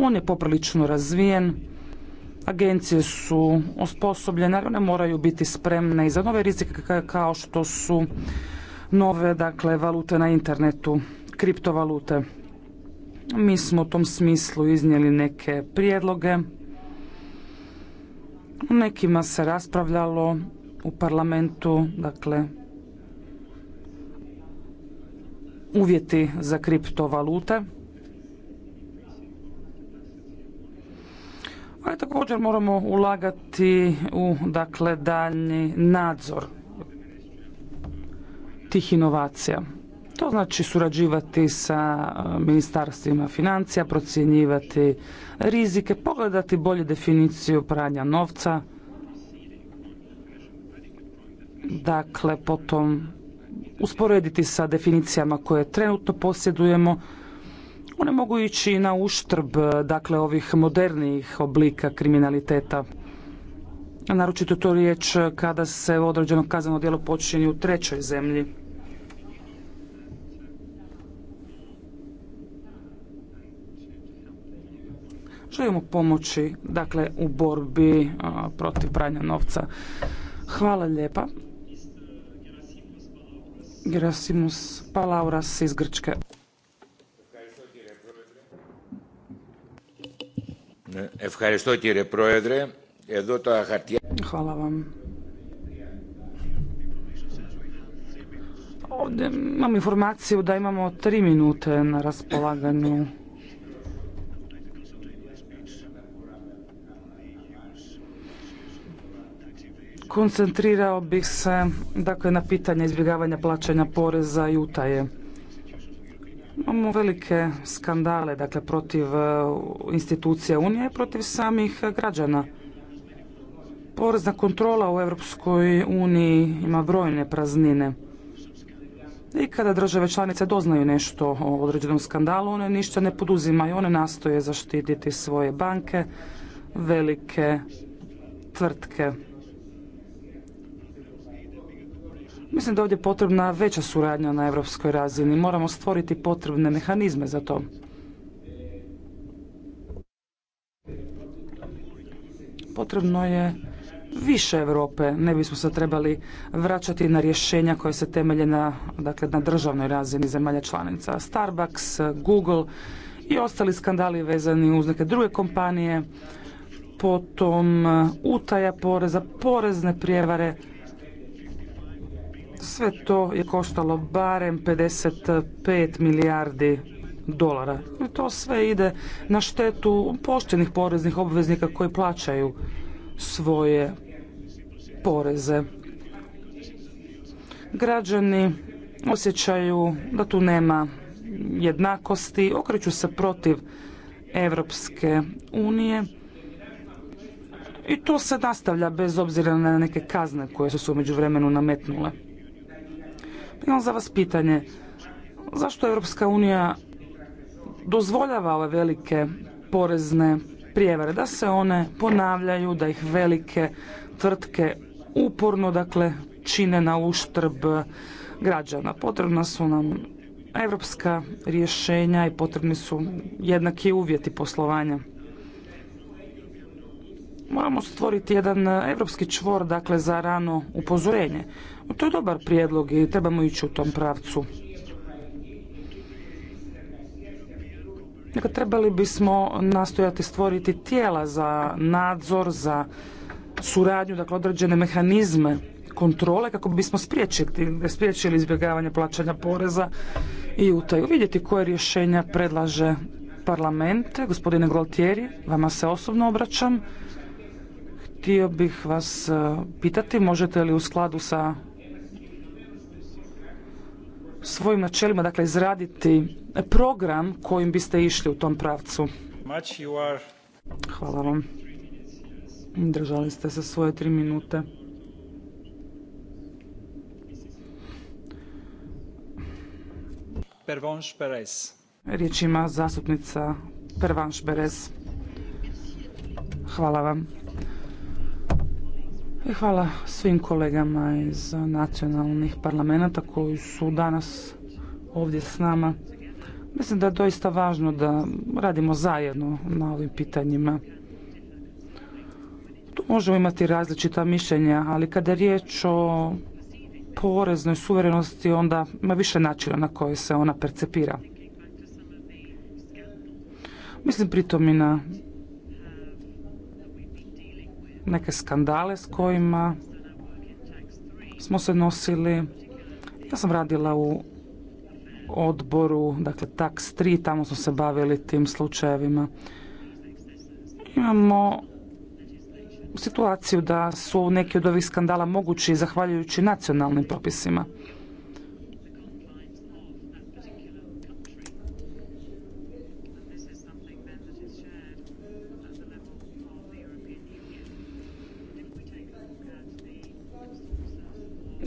C: on je poprilično razvijen, agencije su osposobljene, one moraju biti spremne i za nove rizike kao što su nove dakle, valute na internetu, kriptovalute. Mi smo u tom smislu iznijeli neke prijedloge. U nekima se raspravljalo u parlamentu, dakle, uvjeti za kriptovalute. Pa također moramo ulagati u dakle daljnji nadzor tih inovacija. To znači surađivati sa e, ministarstvima financija, procjenjivati rizike, pogledati bolje definiciju pranja novca. Dakle, potom usporediti sa definicijama koje trenutno posjedujemo one mogu ići na uštrb dakle ovih modernijih oblika kriminaliteta. Naročito to riječ kada se određeno kazneno djelo počinje u trećoj zemlji. želimo pomoći dakle u borbi protiv pranja novca. Hvala lijepa. Gerasimus Palauras iz Grčke. Hvala vam. Ovdje imam informaciju da imamo tri minute na raspolaganju. Koncentrirao bih se dakle, na pitanje izbjegavanja plaćanja poreza i utaje. Imamo velike skandale, dakle, protiv e, institucija Unije i protiv samih građana. Porezna kontrola u Europskoj uniji ima brojne praznine. I kada države članice doznaju nešto o određenom skandalu, one ništa ne poduzimaju, one nastoje zaštititi svoje banke, velike tvrtke. Mislim da ovdje je potrebna veća suradnja na europskoj razini. Moramo stvoriti potrebne mehanizme za to. Potrebno je više Europe. Ne bismo se trebali vraćati na rješenja koje se temelje na, dakle, na državnoj razini zemalja članica. Starbucks, Google i ostali skandali vezani uz neke druge kompanije. Potom uh, utaja poreza, porezne prijevare. Sve to je koštalo barem 55 milijardi dolara. I to sve ide na štetu poštenih poreznih obveznika koji plaćaju svoje poreze. Građani osjećaju da tu nema jednakosti, okreću se protiv Evropske unije i to se nastavlja bez obzira na neke kazne koje su se u međuvremenu nametnule. Imam za vas pitanje. Zašto Europska unija dozvoljava ove velike porezne prijevare, da se one ponavljaju, da ih velike tvrtke uporno dakle čine na uštrb građana. Potrebna su nam europska rješenja i potrebni su jednaki uvjeti poslovanja. Moramo stvoriti jedan europski čvor dakle za rano upozorenje. To je dobar prijedlog i trebamo ići u tom pravcu. Dakle, trebali bismo nastojati stvoriti tijela za nadzor, za suradnju, dakle određene mehanizme kontrole kako bismo spriječili, spriječili izbjegavanje plaćanja poreza i utaju. Vidjeti koje rješenja predlaže parlament. Gospodine Gualtieri, vama se osobno obraćam. Htio bih vas e, pitati možete li u skladu sa svojim načelima dakle izraditi program kojim biste išli u tom pravcu. Hvala vam. Držali ste se svoje tri minute. Riječ ima zastupnica Pervanš Beres. Hvala vam. Hvala svim kolegama iz nacionalnih parlamenta koji su danas ovdje s nama. Mislim da je doista važno da radimo zajedno na ovim pitanjima. Tu možemo imati različita mišljenja, ali kada je riječ o poreznoj suverenosti, onda ima više načina na koje se ona percepira. Mislim pritom i na neke skandale s kojima smo se nosili. Ja sam radila u odboru, dakle Tax 3, tamo smo se bavili tim slučajevima. Imamo situaciju da su neki od ovih skandala mogući zahvaljujući nacionalnim propisima.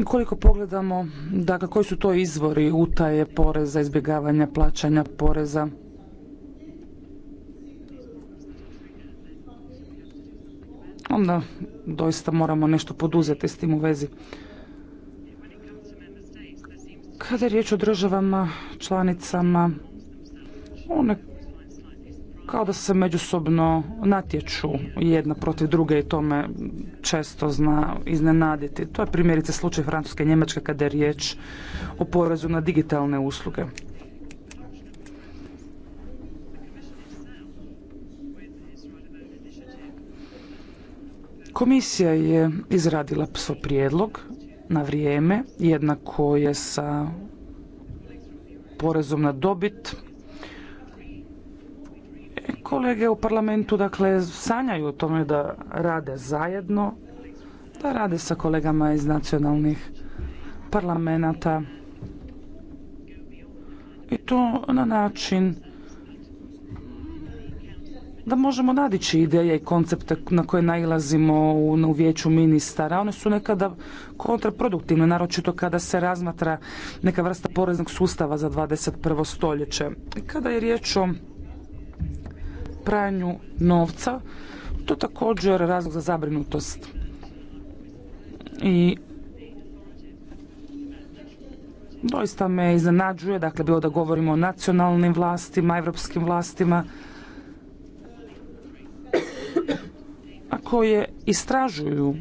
C: Koliko pogledamo, dakle, koji su to izvori utaje poreza, izbjegavanja plaćanja poreza? Onda doista moramo nešto poduzeti s tim u vezi. Kada je riječ o državama, članicama, one kao da se međusobno natječu jedna protiv druge i to me često zna iznenaditi. To je primjerice slučaj Francuske i Njemačke kada je riječ o porezu na digitalne usluge. Komisija je izradila svoj prijedlog na vrijeme, jednako je sa porezom na dobit, Kolege u parlamentu dakle sanjaju o tome da rade zajedno, da rade sa kolegama iz nacionalnih parlamenata i to na način da možemo nadići ideje i koncepte na koje nailazimo u, u vijeću ministara. One su nekada kontraproduktivne, naročito kada se razmatra neka vrsta poreznog sustava za 21. stoljeće. Kada je riječ o pranju novca, to je također razlog za zabrinutost. I doista me iznenađuje, dakle bilo da govorimo o nacionalnim vlastima, evropskim vlastima, a koje istražuju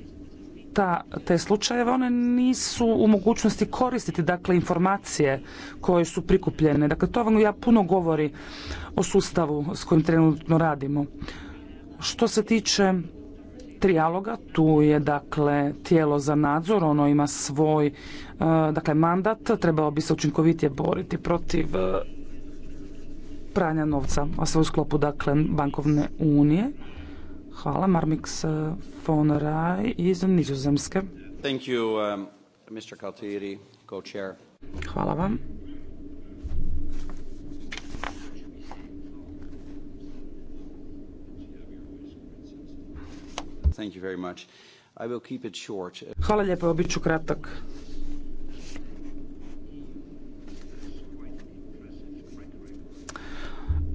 C: ta, te slučajeve, one nisu u mogućnosti koristiti dakle informacije koje su prikupljene. Dakle, to vam ja puno govori o sustavu s kojim trenutno radimo. Što se tiče trijaloga, tu je dakle tijelo za nadzor, ono ima svoj e, dakle mandat, trebalo bi se učinkovitije boriti protiv e, pranja novca, a sve u sklopu dakle bankovne unije. Hvala, Marmix eh, von Raj iz Nizozemske.
A: Thank you, um, Mr. Kaltieri, co-chair.
C: Hvala vam. Thank you very much. I will keep it short. Hvala lijepo, bit ću kratak.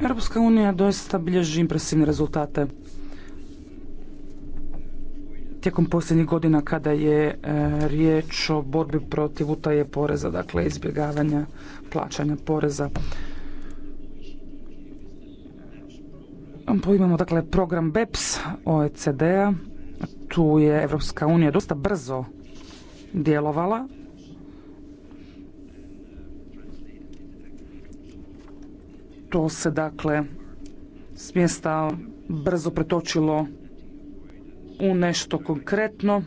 C: Europska unija doista bilježi impresivne rezultate tijekom posljednjih godina kada je e, riječ o borbi protiv utaje poreza, dakle izbjegavanja plaćanja poreza. Imamo dakle program BEPS OECD-a, tu je Evropska unija dosta brzo djelovala. To se dakle s mjesta brzo pretočilo u nešto konkretno.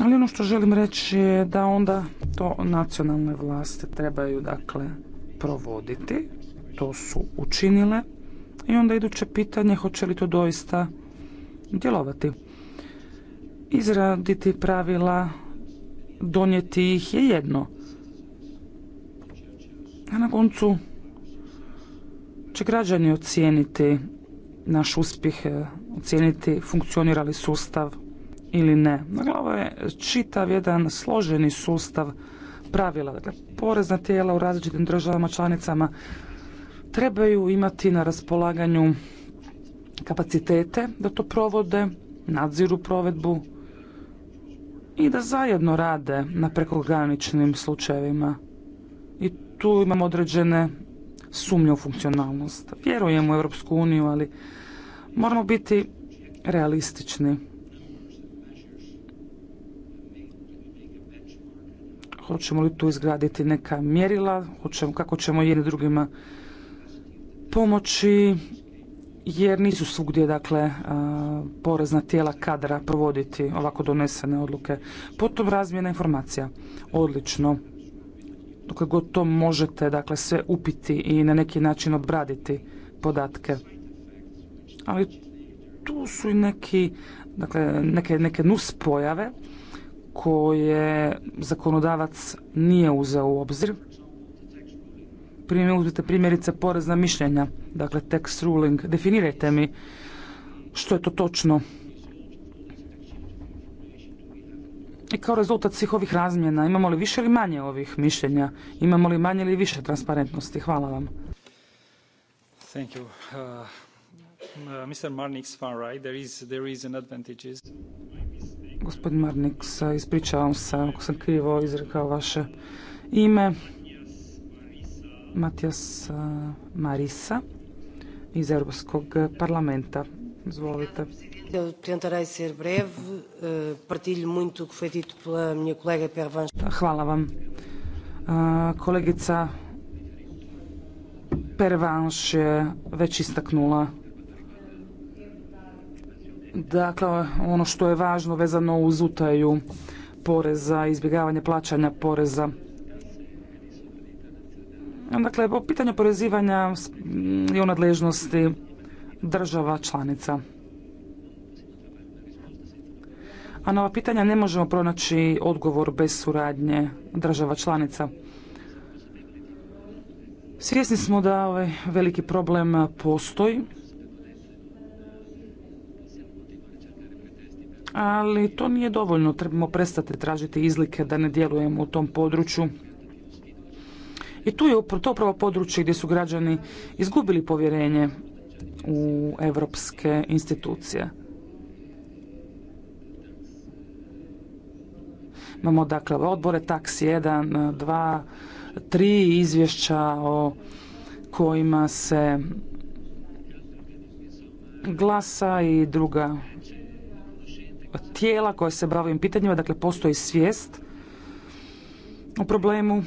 C: Ali ono što želim reći je da onda to nacionalne vlasti trebaju dakle provoditi. To su učinile. I onda iduće pitanje hoće li to doista djelovati. Izraditi pravila, donijeti ih je jedno. A na koncu će građani ocijeniti naš uspjeh e, ocijeniti funkcionira li sustav ili ne. Dakle, ovo je čitav jedan složeni sustav pravila. Dakle, porezna tijela u različitim državama članicama trebaju imati na raspolaganju kapacitete da to provode, nadziru provedbu i da zajedno rade na prekograničnim slučajevima. I tu imamo određene sumnje u funkcionalnost. Vjerujem u Europsku uniju, ali Moramo biti realistični. Hoćemo li tu izgraditi neka mjerila, kako ćemo jedni drugima pomoći, jer nisu svugdje dakle porezna tijela kadra provoditi ovako donesene odluke. Potom razmjena informacija. Odlično. Dok god to možete dakle sve upiti i na neki način obraditi podatke ali tu su i neki, dakle, neke, neke nuspojave koje zakonodavac nije uzeo u obzir. Primjer, uzmite primjerice porezna mišljenja, dakle tax ruling. Definirajte mi što je to točno. I kao rezultat svih ovih razmjena, imamo li više ili manje ovih mišljenja? Imamo li manje ili više transparentnosti? Hvala vam. Thank you. Uh, Uh, Mr. Marnix van right, there is, there is an advantages. Gospodin Marnix, ispričavam se ako sam krivo izrekao vaše ime. Matijas uh, Marisa iz Europskog parlamenta. Izvolite. Eu tentarei ser breve, uh, partilho muito o que foi dito pela minha colega Pervans. Hvala vam. Kolegica Pervanš je već istaknula dakle ono što je važno vezano uz utaju poreza, izbjegavanje plaćanja poreza. Dakle, po pitanju porezivanja i u nadležnosti država članica. A na ova pitanja ne možemo pronaći odgovor bez suradnje država članica. Svjesni smo da ovaj veliki problem postoji ali to nije dovoljno. Trebamo prestati tražiti izlike da ne djelujemo u tom području. I tu je to upravo područje gdje su građani izgubili povjerenje u europske institucije. Imamo dakle odbore taks 1, 2, 3 izvješća o kojima se glasa i druga tijela koja se bave ovim pitanjima, dakle postoji svijest o problemu.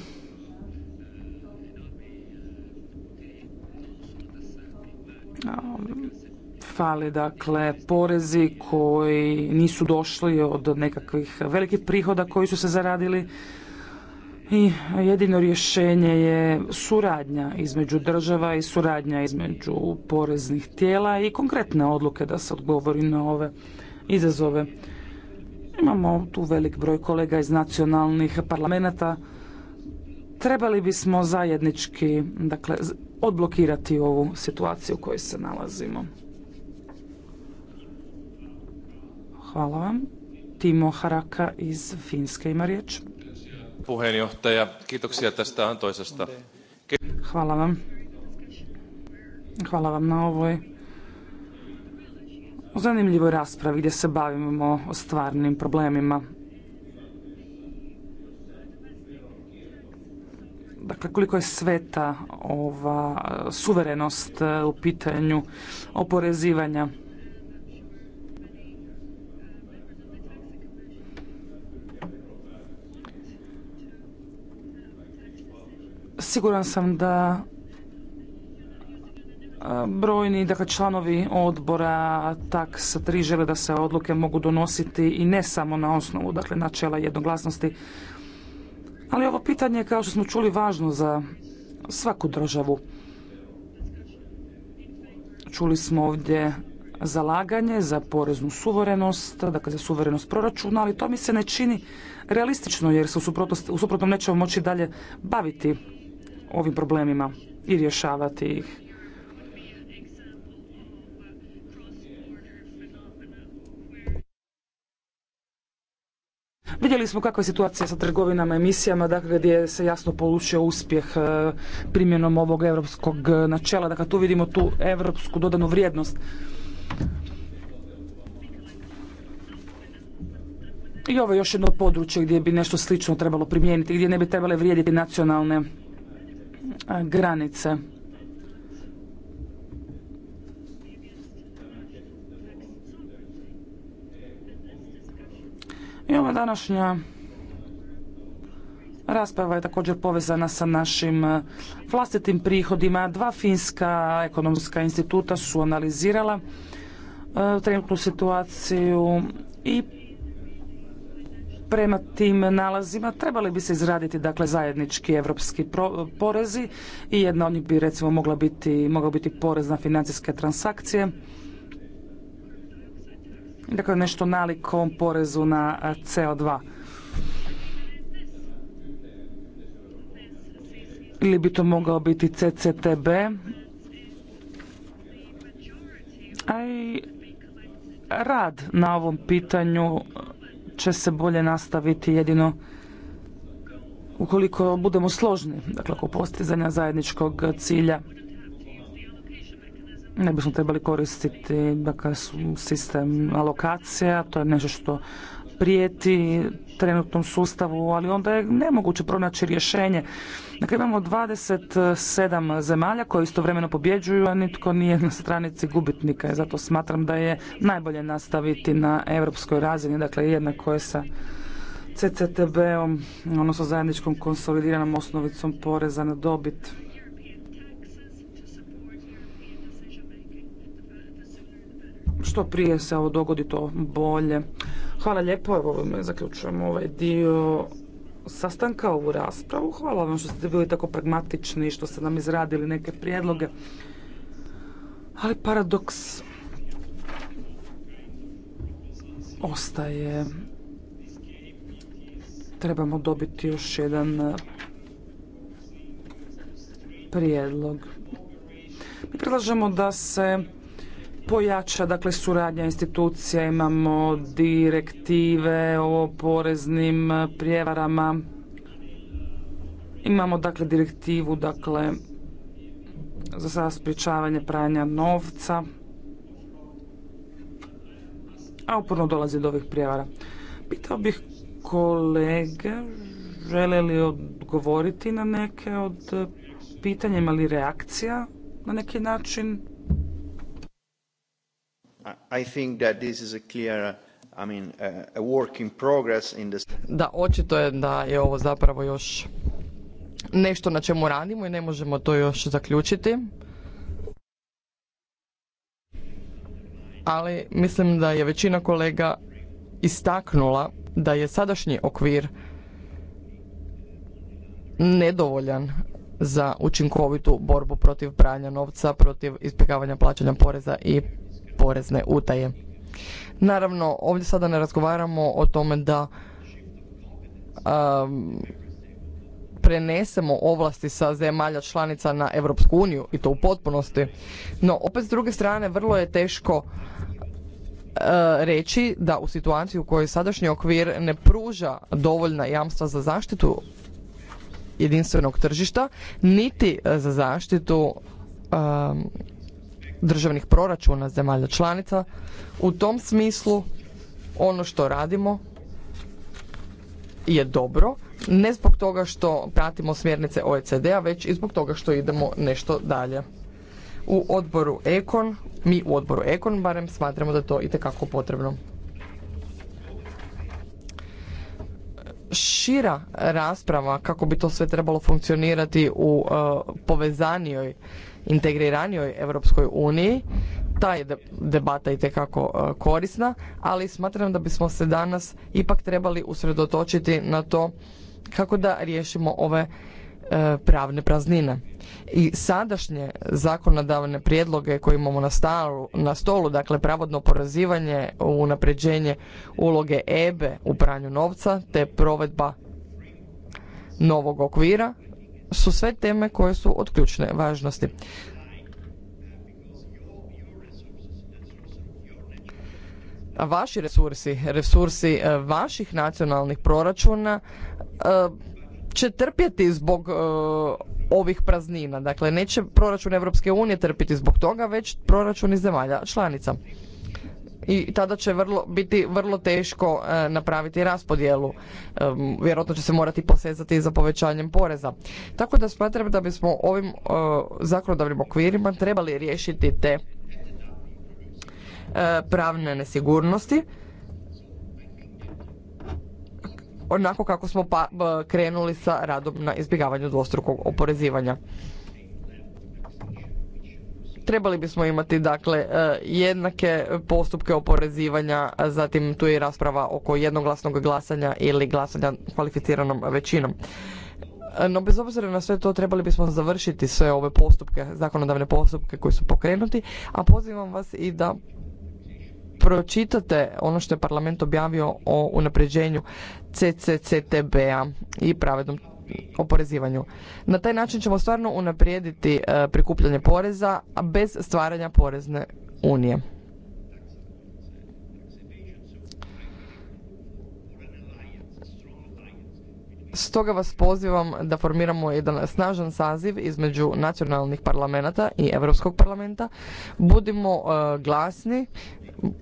C: Fali dakle porezi koji nisu došli od nekakvih velikih prihoda koji su se zaradili i jedino rješenje je suradnja između država i suradnja između poreznih tijela i konkretne odluke da se odgovori na ove izazove. Imamo tu velik broj kolega iz nacionalnih parlamenta. Trebali bismo zajednički dakle, odblokirati ovu situaciju u kojoj se nalazimo. Hvala vam. Timo Haraka iz Finske ima riječ. Hvala vam. Hvala vam na ovoj u zanimljivoj raspravi gdje se bavimo o stvarnim problemima. Dakle, koliko je sveta ova suverenost e, u pitanju oporezivanja. Siguran sam da Brojni dakle, članovi odbora tak tri žele da se odluke mogu donositi i ne samo na osnovu dakle, načela jednoglasnosti. Ali ovo pitanje je, kao što smo čuli, važno za svaku državu. Čuli smo ovdje zalaganje za poreznu suverenost, dakle za suverenost proračuna, ali to mi se ne čini realistično jer se u suprotnom nećemo moći dalje baviti ovim problemima i rješavati ih. Vidjeli smo kakva je situacija sa trgovinama i emisijama, dakle gdje se jasno polučio uspjeh e, primjenom ovog europskog e, načela, dakle tu vidimo tu europsku dodanu vrijednost. I ovo je još jedno područje gdje bi nešto slično trebalo primijeniti, gdje ne bi trebale vrijediti nacionalne e, granice. I ova današnja rasprava je također povezana sa našim e, vlastitim prihodima. Dva finska ekonomska instituta su analizirala e, trenutnu situaciju i prema tim nalazima trebali bi se izraditi dakle zajednički europski porezi i jedna od njih bi recimo mogla biti, mogao biti porez na financijske transakcije dakle nešto nalikom porezu na e, CO2. Ili bi to mogao biti CCTB, a i rad na ovom pitanju će se bolje nastaviti jedino ukoliko budemo složni, dakle oko postizanja zajedničkog cilja ne bismo trebali koristiti dakle, sistem alokacija, to je nešto što prijeti trenutnom sustavu, ali onda je nemoguće pronaći rješenje. Dakle, imamo 27 zemalja koje istovremeno pobjeđuju, a nitko nije na stranici gubitnika. I zato smatram da je najbolje nastaviti na europskoj razini, dakle jednako je sa CCTB-om, odnosno zajedničkom konsolidiranom osnovicom poreza na dobit. što prije se ovo dogodi to bolje. Hvala lijepo, evo zaključujemo ovaj dio sastanka, ovu raspravu. Hvala vam što ste bili tako pragmatični i što ste nam izradili neke prijedloge. Ali paradoks ostaje. Trebamo dobiti još jedan prijedlog. Mi predlažemo da se pojača dakle suradnja institucija, imamo direktive o poreznim prijevarama, imamo dakle direktivu dakle za sprječavanje pranja novca, a uporno dolazi do ovih prijevara. Pitao bih kolege žele li odgovoriti na neke od pitanja, ima li reakcija na neki način?
A: I think that this is a clear I mean, a work in progress in this...
B: Da, očito je da je ovo zapravo još nešto na čemu radimo i ne možemo to još zaključiti. Ali mislim da je većina kolega istaknula da je sadašnji okvir nedovoljan za učinkovitu borbu protiv pranja novca, protiv izbjegavanja plaćanja poreza i porezne utaje. Naravno, ovdje sada ne razgovaramo o tome da um, prenesemo ovlasti sa zemalja članica na Europsku uniju i to u potpunosti. No, opet s druge strane, vrlo je teško uh, reći da u situaciji u kojoj sadašnji okvir ne pruža dovoljna jamstva za zaštitu jedinstvenog tržišta niti za zaštitu um, državnih proračuna zemalja članica. U tom smislu ono što radimo je dobro, ne zbog toga što pratimo smjernice OECD-a, već i zbog toga što idemo nešto dalje. U odboru Ekon, mi u odboru Ekon barem smatramo da je to itekako potrebno. Šira rasprava kako bi to sve trebalo funkcionirati u uh, povezanijoj integriranijoj Europskoj uniji, ta je debata itekako e, korisna, ali smatram da bismo se danas ipak trebali usredotočiti na to kako da riješimo ove e, pravne praznine. I sadašnje zakonodavne prijedloge koje imamo na, na stolu, dakle pravodno porazivanje, unapređenje uloge EBE e u pranju novca te provedba novog okvira, su sve teme koje su od ključne važnosti. A vaši resursi, resursi e, vaših nacionalnih proračuna e, će trpjeti zbog e, ovih praznina. Dakle, neće proračun Europske unije trpiti zbog toga, već proračun iz zemalja članica i tada će vrlo, biti vrlo teško e, napraviti raspodjelu. E, vjerojatno će se morati posezati za povećanjem poreza. Tako da smatram da bismo ovim e, zakonodavnim okvirima trebali riješiti te pravne nesigurnosti onako kako smo pa, krenuli sa radom na izbjegavanju dvostrukog oporezivanja trebali bismo imati dakle e, jednake postupke oporezivanja, zatim tu je i rasprava oko jednoglasnog glasanja ili glasanja kvalificiranom većinom. E, no bez obzira na sve to trebali bismo završiti sve ove postupke, zakonodavne postupke koji su pokrenuti, a pozivam vas i da pročitate ono što je parlament objavio o unapređenju CCCTB-a i pravednom oporezivanju. Na taj način ćemo stvarno unaprijediti e, prikupljanje poreza, a bez stvaranja porezne unije. Stoga vas pozivam da formiramo jedan snažan saziv između nacionalnih parlamenta i Europskog parlamenta. Budimo e, glasni,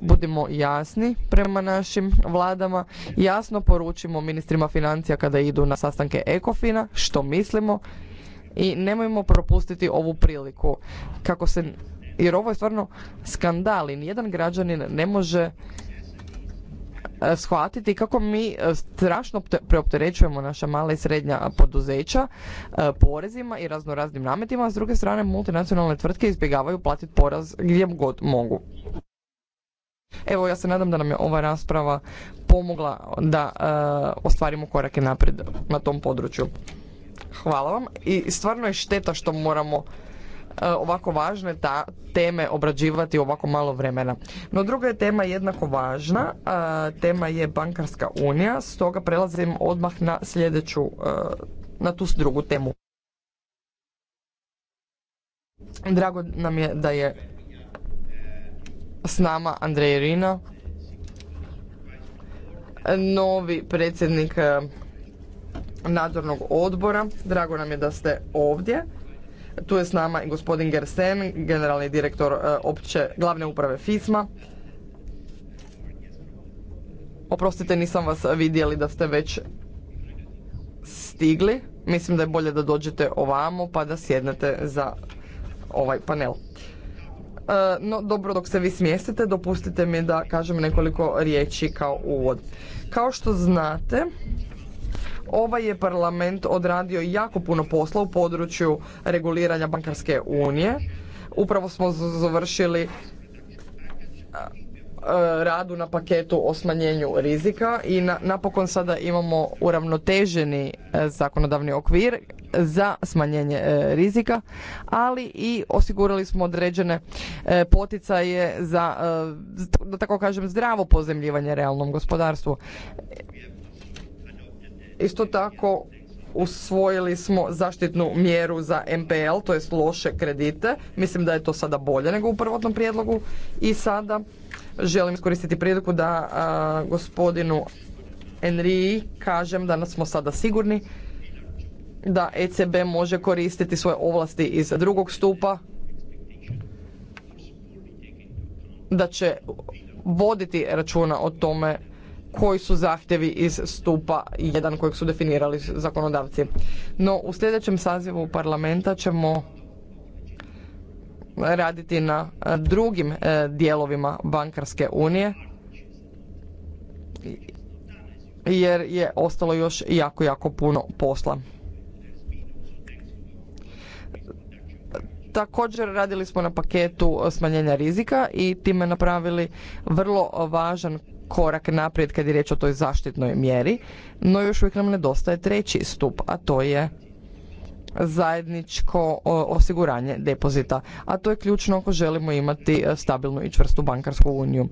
B: budimo jasni prema našim vladama, jasno poručimo ministrima financija kada idu na sastanke Ekofina što mislimo i nemojmo propustiti ovu priliku kako se jer ovo je stvarno skandal i nijedan građanin ne može E, shvatiti kako mi e, strašno preopterećujemo naša mala i srednja poduzeća e, porezima i raznoraznim nametima, a s druge strane multinacionalne tvrtke izbjegavaju platiti poraz gdje god mogu. Evo, ja se nadam da nam je ova rasprava pomogla da ostvarimo korake naprijed na tom području. Hvala vam i stvarno je šteta što moramo E, ovako važne ta teme obrađivati ovako malo vremena. No druga je tema jednako važna, e, tema je bankarska unija, stoga prelazim odmah na sljedeću, e, na tu drugu temu. Drago nam je da je s nama Andrej Rina, novi predsjednik nadzornog odbora. Drago nam je da ste ovdje. Tu je s nama i gospodin Gersen, generalni direktor e, opće glavne uprave FISMA. Oprostite, nisam vas vidjeli da ste već stigli. Mislim da je bolje da dođete ovamo pa da sjednete za ovaj panel. E, no, dobro, dok se vi smjestite, dopustite mi da kažem nekoliko riječi kao uvod. Kao što znate, Ovaj je parlament odradio jako puno posla u području reguliranja bankarske unije. Upravo smo završili e, e, radu na paketu o smanjenju rizika i napokon sada imamo uravnoteženi e, zakonodavni okvir za smanjenje rizika, ali i osigurali smo određene poticaje za, da tako kažem, zdravo pozemljivanje realnom gospodarstvu. Isto tako usvojili smo zaštitnu mjeru za MPL, to jest loše kredite. Mislim da je to sada bolje nego u prvotnom prijedlogu. I sada želim iskoristiti priliku da gospodinu Enriji kažem da nas smo sada sigurni da ECB može koristiti svoje ovlasti iz drugog stupa, da će voditi računa o tome koji su zahtjevi iz stupa jedan kojeg su definirali zakonodavci. No u sljedećem sazivu parlamenta ćemo raditi na e, drugim e, dijelovima bankarske unije jer je ostalo još jako, jako puno posla. Također radili smo na paketu smanjenja rizika i time napravili vrlo važan korak naprijed kad je riječ o toj zaštitnoj mjeri, no još uvijek nam nedostaje treći stup, a to je zajedničko osiguranje depozita, a to je ključno ako želimo imati e, stabilnu i čvrstu bankarsku uniju.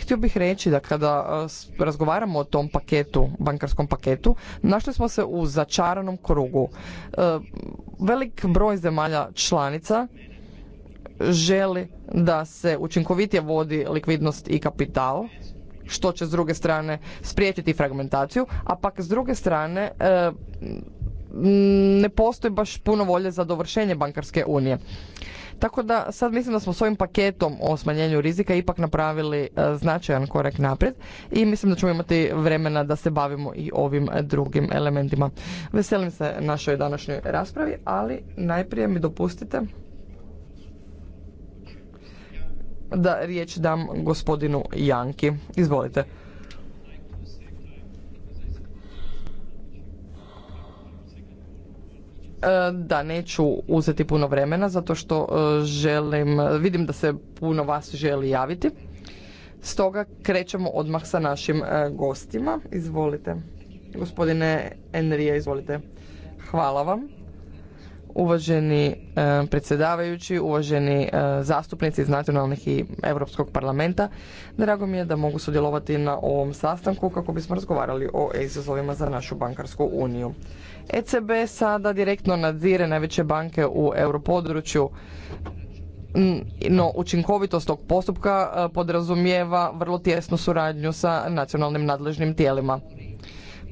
B: Htio bih reći da kada e, razgovaramo o tom paketu, bankarskom paketu, našli smo se u začaranom krugu. E, velik broj zemalja članica želi da se učinkovitije vodi likvidnost i kapital, što će s druge strane spriječiti fragmentaciju, a pak s druge strane e, ne postoji baš puno volje za dovršenje bankarske unije. Tako da sad mislim da smo s ovim paketom o smanjenju rizika ipak napravili e, značajan korak naprijed i mislim da ćemo imati vremena da se bavimo i ovim drugim elementima. Veselim se našoj današnjoj raspravi, ali najprije mi dopustite da riječ dam gospodinu Janki. Izvolite. E, da, neću uzeti puno vremena zato što e, želim, vidim da se puno vas želi javiti. Stoga krećemo odmah sa našim e, gostima. Izvolite. Gospodine Enrije. izvolite. Hvala vam uvaženi e, predsjedavajući, uvaženi e, zastupnici iz nacionalnih i Europskog parlamenta. Drago mi je da mogu sudjelovati na ovom sastanku kako bismo razgovarali o izazovima za našu bankarsku uniju. ECB sada direktno nadzire najveće banke u europodručju, no učinkovitost tog postupka e, podrazumijeva vrlo tjesnu suradnju sa nacionalnim nadležnim tijelima.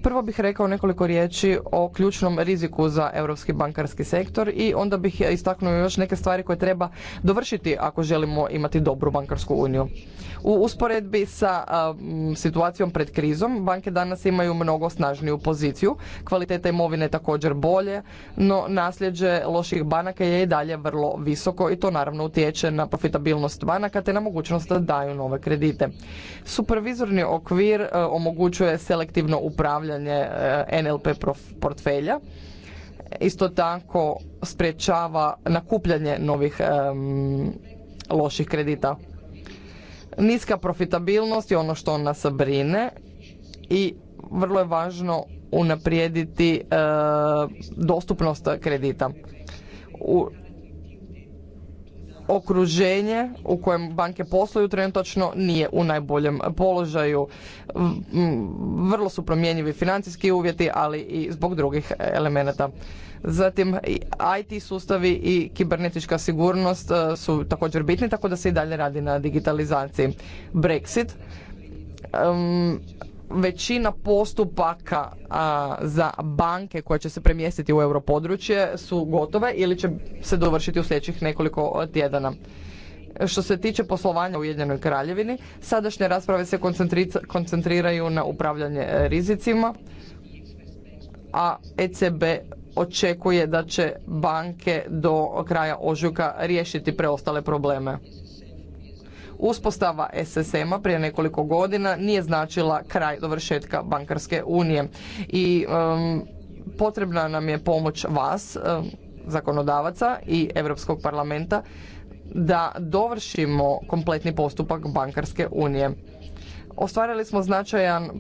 B: Prvo bih rekao nekoliko riječi o ključnom riziku za europski bankarski sektor i onda bih istaknuo još neke stvari koje treba dovršiti ako želimo imati dobru bankarsku uniju. U usporedbi sa um, situacijom pred krizom, banke danas imaju mnogo snažniju poziciju, kvaliteta imovine je također bolje, no nasljeđe loših banaka je i dalje vrlo visoko i to naravno utječe na profitabilnost banaka te na mogućnost da daju nove kredite. Supervizorni okvir uh, omogućuje selektivno upravljanje NLP e, portfelja. Isto tako sprječava nakupljanje novih loših kredita. Niska profitabilnost je ono što nas brine i vrlo je važno unaprijediti e, dostupnost kredita. U okruženje u kojem banke posluju trenutačno nije u najboljem položaju. Vrlo su promjenjivi financijski uvjeti, ali i zbog drugih elemenata. Zatim IT sustavi i kibernetička sigurnost e, su također bitni, tako da se i dalje radi na digitalizaciji. Brexit većina postupaka za banke koje će se premjestiti u europodručje su gotove ili će se dovršiti u sljedećih nekoliko e, tjedana. Što se tiče poslovanja u Ujedinjenoj Kraljevini, sadašnje rasprave se koncentriraju na upravljanje e, rizicima, a ECB očekuje da će banke do kraja ožujka riješiti preostale probleme. Uspostava SSM-a prije nekoliko godina nije značila kraj dovršetka bankarske unije i potrebna nam je pomoć vas, zakonodavaca i Europskog parlamenta da dovršimo kompletni postupak bankarske unije. Ostvarili smo značajan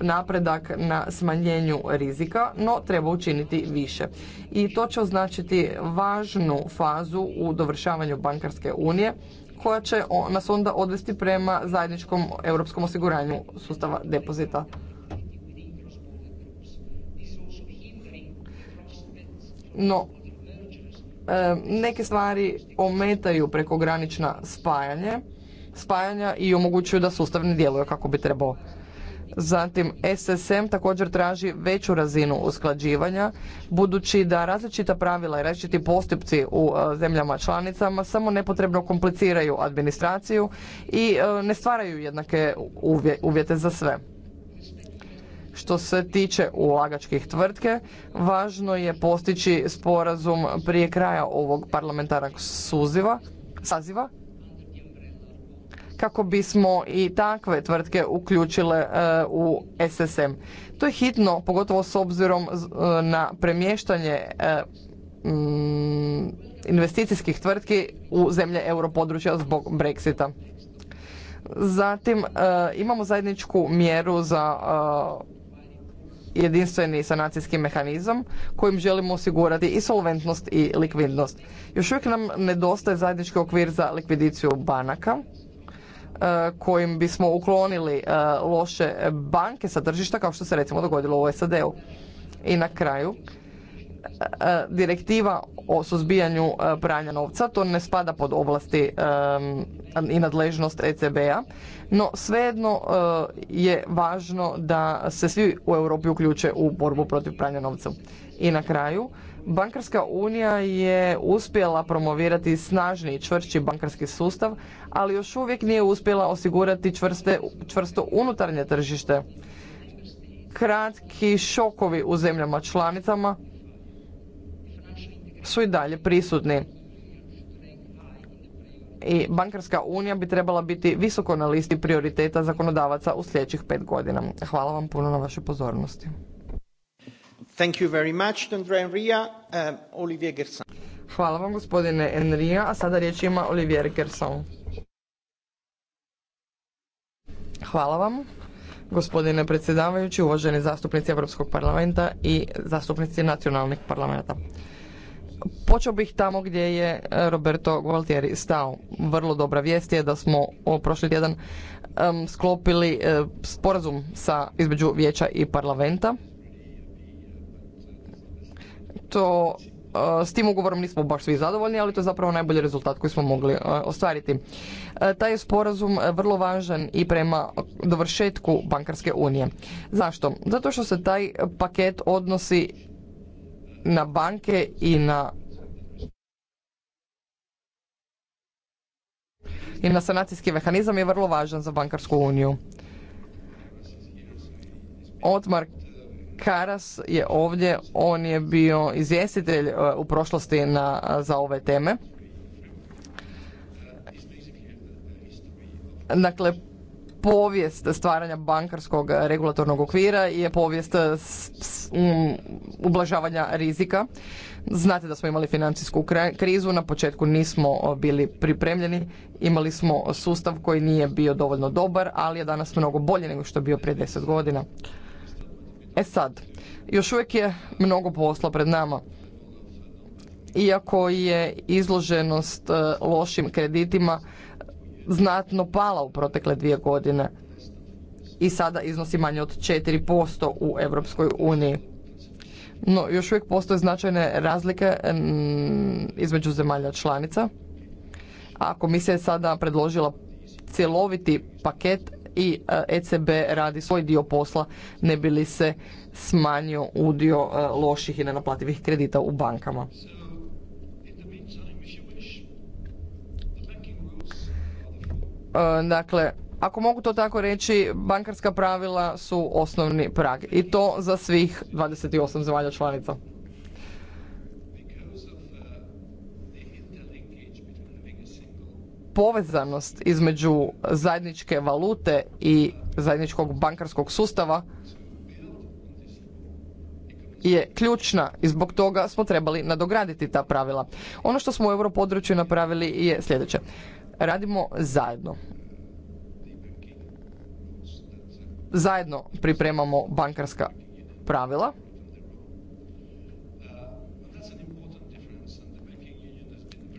B: napredak na smanjenju rizika, no treba učiniti više. I to će označiti važnu fazu u dovršavanju bankarske unije, koja će nas onda odvesti prema zajedničkom europskom osiguranju sustava depozita. No, e, neke stvari ometaju prekogranična spajanje, spajanja i omogućuju da sustav ne djeluje kako bi trebao. Zatim SSM također traži veću razinu usklađivanja budući da različita pravila i različiti postupci u e, zemljama članicama samo nepotrebno kompliciraju administraciju i e, ne stvaraju jednake uvjete za sve. Što se tiče ulagačkih tvrtke, važno je postići sporazum prije kraja ovog parlamentarnog suziva, saziva kako bismo i takve tvrtke uključile e, u SSM. To je hitno, pogotovo s obzirom e, na premještanje e, mm, investicijskih tvrtki u zemlje europodručja zbog Brexita. Zatim imamo zajedničku mjeru za jedinstveni sanacijski mehanizam kojim želimo osigurati i solventnost i likvidnost. Još uvijek nam nedostaje zajednički okvir za likvidiciju banaka E, kojim bismo uklonili e, loše banke sa tržišta kao što se recimo dogodilo u SAD-u. I na kraju, e, direktiva o suzbijanju pranja novca, to ne spada pod oblasti i nadležnost ECB-a, no svejedno je važno da se svi u Europi uključe u borbu protiv pranja novca. I na kraju, Bankarska unija je uspjela promovirati snažni i čvršći bankarski sustav, ali još uvijek nije uspjela osigurati čvrste, čvrsto unutarnje tržište. Kratki šokovi u zemljama članicama su i dalje prisutni. I bankarska unija bi trebala biti visoko na listi prioriteta zakonodavaca u sljedećih pet godina. Hvala vam puno na vašoj pozornosti. Uh, Hvala vam gospodine Enria. a sada riječ ima Olivier Gerson. Hvala vam gospodine predsjedavajući, uvaženi zastupnici Europskog parlamenta i zastupnici nacionalnih parlamenta. Počeo bih tamo gdje je eh, Roberto Gualtieri stao. Vrlo dobra vijest je da smo o prošli tjedan sklopili eh, sporazum između vijeća i parlamenta to eh, s tim ugovorom nismo baš svi zadovoljni, ali to je zapravo najbolji rezultat koji smo mogli eh, ostvariti. Eh, taj je sporazum vrlo važan i prema dovršetku bankarske unije. Zašto? Zato što se taj paket odnosi na banke i na i na sanacijski mehanizam je vrlo važan za bankarsku uniju. Otmar Karas je ovdje, on je bio izvjestitelj e, u prošlosti na, za ove teme. Dakle, povijest stvaranja bankarskog regulatornog okvira je povijest ublažavanja rizika. Znate da smo imali financijsku krizu, na početku nismo bili pripremljeni, imali smo sustav koji nije bio dovoljno dobar, ali je danas mnogo bolji nego što je bio prije deset godina. E sad, još uvijek je mnogo posla pred nama. Iako je izloženost e, lošim kreditima e, znatno pala u protekle dvije godine i sada iznosi manje od 4% u Europskoj uniji. No, još uvijek postoje značajne razlike između zemalja članica. A komisija je sada predložila cjeloviti paket i ECB e radi svoj dio posla ne bi li se smanjio udio e, loših i nenaplativih kredita u bankama. E, dakle, ako mogu to tako reći, bankarska pravila su osnovni prag i to za svih 28 zemalja članica. povezanost između zajedničke valute i zajedničkog bankarskog sustava je ključna i zbog toga smo trebali nadograditi ta pravila. Ono što smo u europodručju napravili je sljedeće. Radimo zajedno. Zajedno pripremamo bankarska pravila.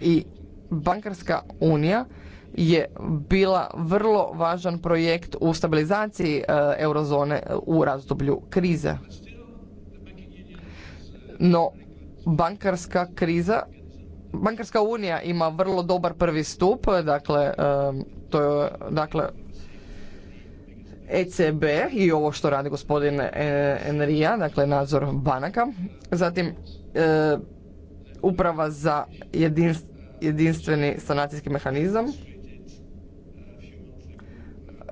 B: I bankarska unija je bila vrlo važan projekt u stabilizaciji e, eurozone e, u razdoblju krize. No, bankarska kriza, bankarska unija ima vrlo dobar prvi stup, dakle, e, to je, dakle, ECB i ovo što radi gospodin Enrija, dakle nadzor banaka. Zatim, uprava za jedinstvo jedinstveni sanacijski mehanizam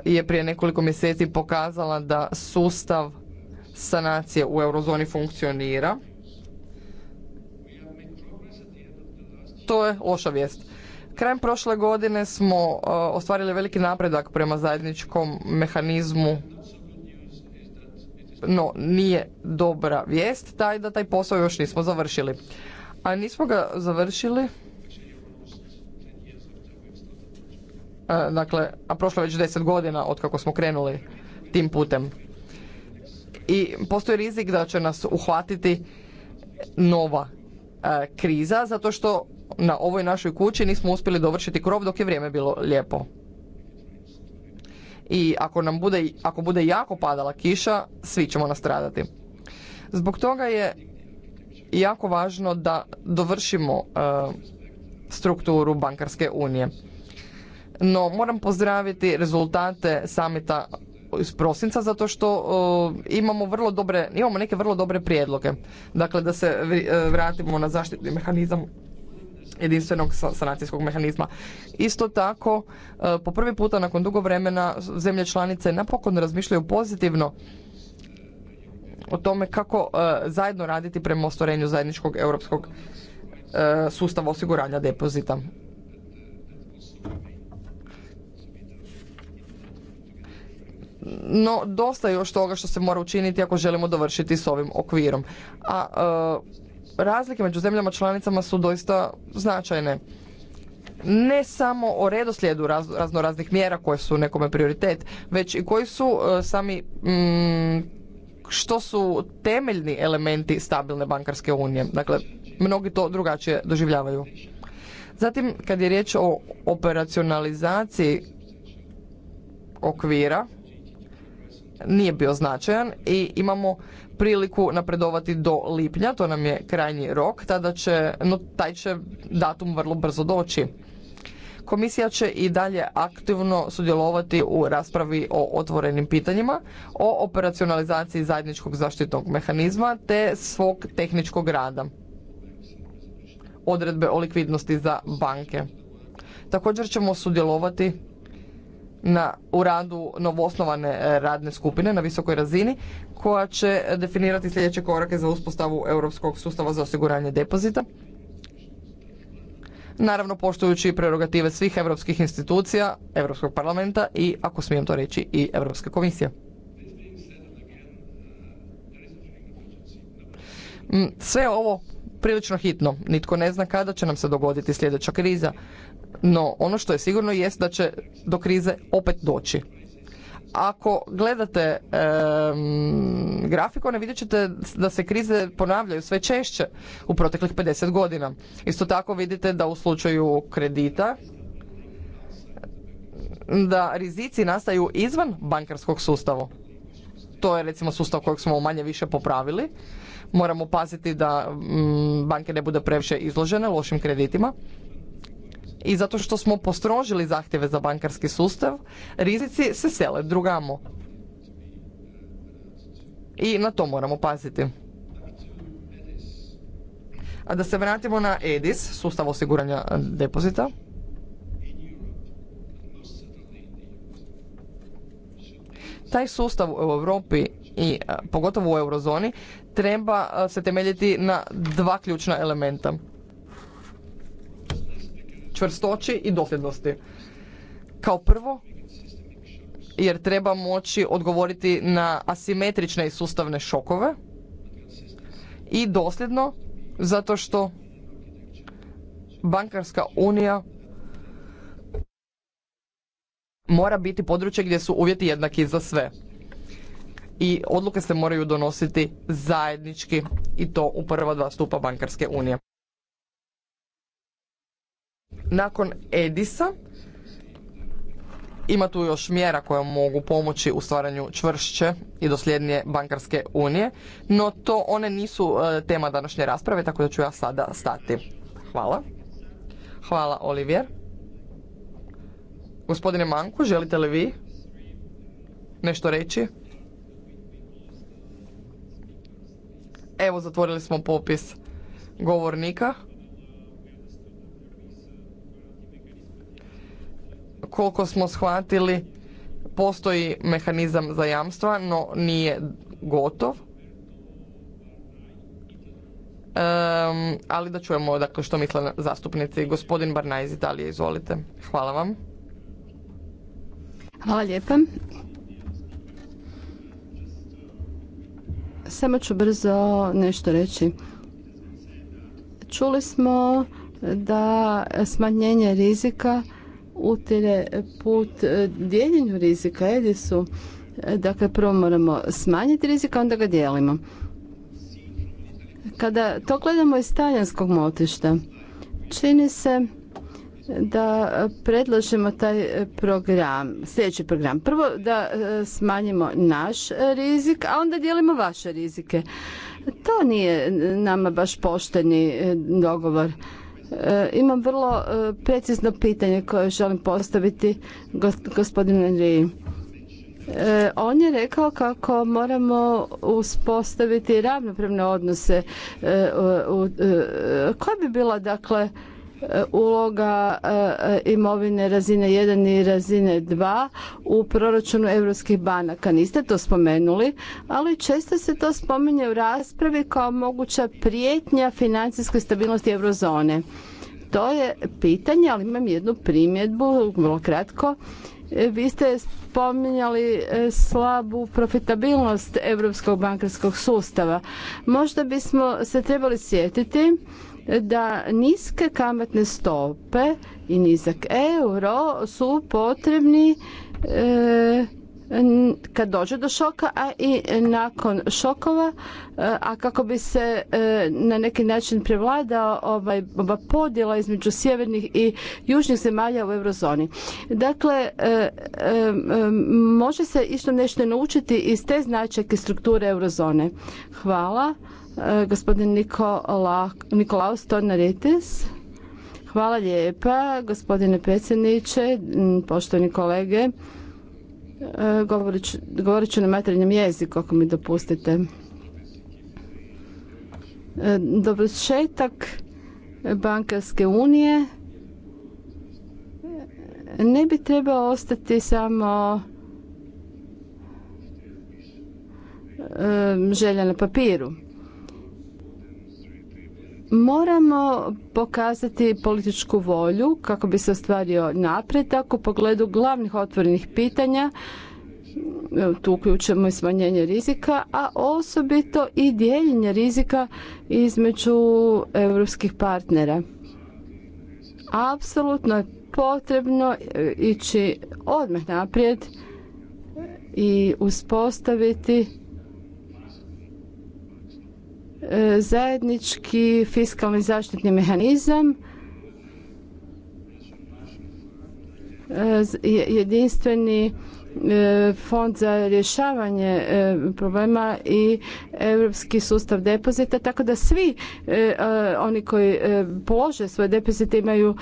B: je prije nekoliko mjeseci pokazala da sustav sanacije u eurozoni funkcionira. To je loša vijest. Krajem prošle godine smo e, ostvarili veliki napredak prema zajedničkom mehanizmu no nije dobra vijest taj da taj posao još nismo završili. A nismo ga završili E, dakle, a prošlo je već deset godina od kako smo krenuli tim putem. I postoji rizik da će nas uhvatiti nova e, kriza zato što na ovoj našoj kući nismo uspjeli dovršiti krov dok je vrijeme bilo lijepo. I ako nam bude, ako bude jako padala kiša, svi ćemo nastradati. Zbog toga je jako važno da dovršimo e, strukturu bankarske unije. No, moram pozdraviti rezultate samita iz prosinca zato što imamo vrlo dobre, imamo neke vrlo dobre prijedloge. Dakle, da se e, vratimo na zaštitni mehanizam jedinstvenog sanacijskog mehanizma. Isto tako, e, po prvi puta nakon dugo vremena zemlje članice napokon razmišljaju pozitivno o tome kako e, zajedno raditi prema ostvarenju zajedničkog europskog sustava osiguranja depozita. no dosta još toga što se mora učiniti ako želimo dovršiti s ovim okvirom a e, razlike među zemljama članicama su doista značajne ne samo o redoslijedu razno raznih mjera koje su nekome prioritet već i koji su e, sami mm, što su temeljni elementi stabilne bankarske unije dakle mnogi to drugačije doživljavaju zatim kad je riječ o operacionalizaciji okvira nije bio značajan i imamo priliku napredovati do lipnja, to nam je krajnji rok, tada će, no taj će datum vrlo brzo doći. Komisija će i dalje aktivno sudjelovati u raspravi o otvorenim pitanjima, o operacionalizaciji zajedničkog zaštitnog mehanizma te svog tehničkog rada. Odredbe o likvidnosti za banke. Također ćemo sudjelovati na, u radu novoosnovane e, radne skupine na visokoj razini koja će definirati sljedeće korake za uspostavu europskog sustava za osiguranje depozita. Naravno poštujući prerogative svih europskih institucija, Europskog parlamenta i ako smijem to reći i Europske komisije. Mm, sve ovo prilično hitno. Nitko ne zna kada će nam se dogoditi sljedeća kriza. No, ono što je sigurno jest da će do krize opet doći. Ako gledate grafiko, grafikone, vidjet ćete da se krize ponavljaju sve češće u proteklih 50 godina. Isto tako vidite da u slučaju kredita da rizici nastaju izvan bankarskog sustava. To je recimo sustav kojeg smo manje više popravili. Moramo paziti da mm, banke ne bude previše izložene lošim kreditima i zato što smo postrožili zahtjeve za bankarski sustav, rizici se sele drugamo. I na to moramo paziti. A da se vratimo na EDIS, sustav osiguranja depozita. Taj sustav u Europi i pogotovo u eurozoni treba se temeljiti na dva ključna elementa čvrstoći i dosljednosti. Kao prvo, jer treba moći odgovoriti na asimetrične i sustavne šokove i dosljedno zato što bankarska unija mora biti područje gdje su uvjeti jednaki za sve. I odluke se moraju donositi zajednički i to u prva dva stupa bankarske unije. Nakon Edisa ima tu još mjera koje mogu pomoći u stvaranju čvršće i dosljednije bankarske unije, no to one nisu e, tema današnje rasprave, tako da ću ja sada stati. Hvala. Hvala, Olivier. Gospodine Manku, želite li vi nešto reći? Evo, zatvorili smo popis govornika. koliko smo shvatili postoji mehanizam za jamstva, no nije gotov. ali da čujemo dakle, što misle zastupnici. Gospodin Barna iz Italije, izvolite. Hvala vam.
A: Hvala lijepa. Samo ću brzo nešto reći. Čuli smo da smanjenje rizika utire put e, dijeljenju rizika. su e, dakle prvo moramo smanjiti rizik, a onda ga dijelimo. Kada to gledamo iz talijanskog motišta, čini se da predlažemo taj program, sljedeći program. Prvo da e, smanjimo naš rizik, a onda dijelimo vaše rizike. To nije nama baš pošteni dogovor. E, imam vrlo e, precizno pitanje koje želim postaviti gospodinu Andriji. E, on je rekao kako moramo uspostaviti ravnopravne odnose. Koja bi bila dakle uloga e, e, imovine razine 1 i razine 2 u proračunu europskih banaka. Niste to spomenuli, ali često se to spominje u raspravi kao moguća prijetnja financijskoj stabilnosti eurozone. To je pitanje, ali imam jednu primjedbu, vrlo kratko. E, vi ste spominjali slabu profitabilnost europskog bankarskog sustava. Možda bismo se trebali sjetiti da niske kamatne stope i nizak euro su potrebni e, kad dođe do šoka, a i nakon šokova, e, a kako bi se e, na neki način prevladao ovaj, podjela između sjevernih i južnih zemalja u eurozoni. Dakle, može se isto nešto naučiti iz te značajke strukture eurozone. Hvala. Eh, gospodin Nikola, Nikolaus Tornaritis. Hvala lijepa, gospodine predsjedniče, poštovani kolege. Eh, govorit ću, na materinjem jeziku, ako mi dopustite. Eh, Dobrošetak bankarske unije ne bi trebao ostati samo želja na papiru. Moramo pokazati političku volju kako bi se ostvario napredak u pogledu glavnih otvorenih pitanja tu uključujemo i smanjenje rizika, a osobito i dijeljenje rizika između europskih partnera. Apsolutno je potrebno ići odmah naprijed i uspostaviti E, zajednički fiskalni zaštitni mehanizam e, jedinstveni e, fond za rješavanje problema i europski sustav depozita tako da svi oni koji polože svoje depozite imaju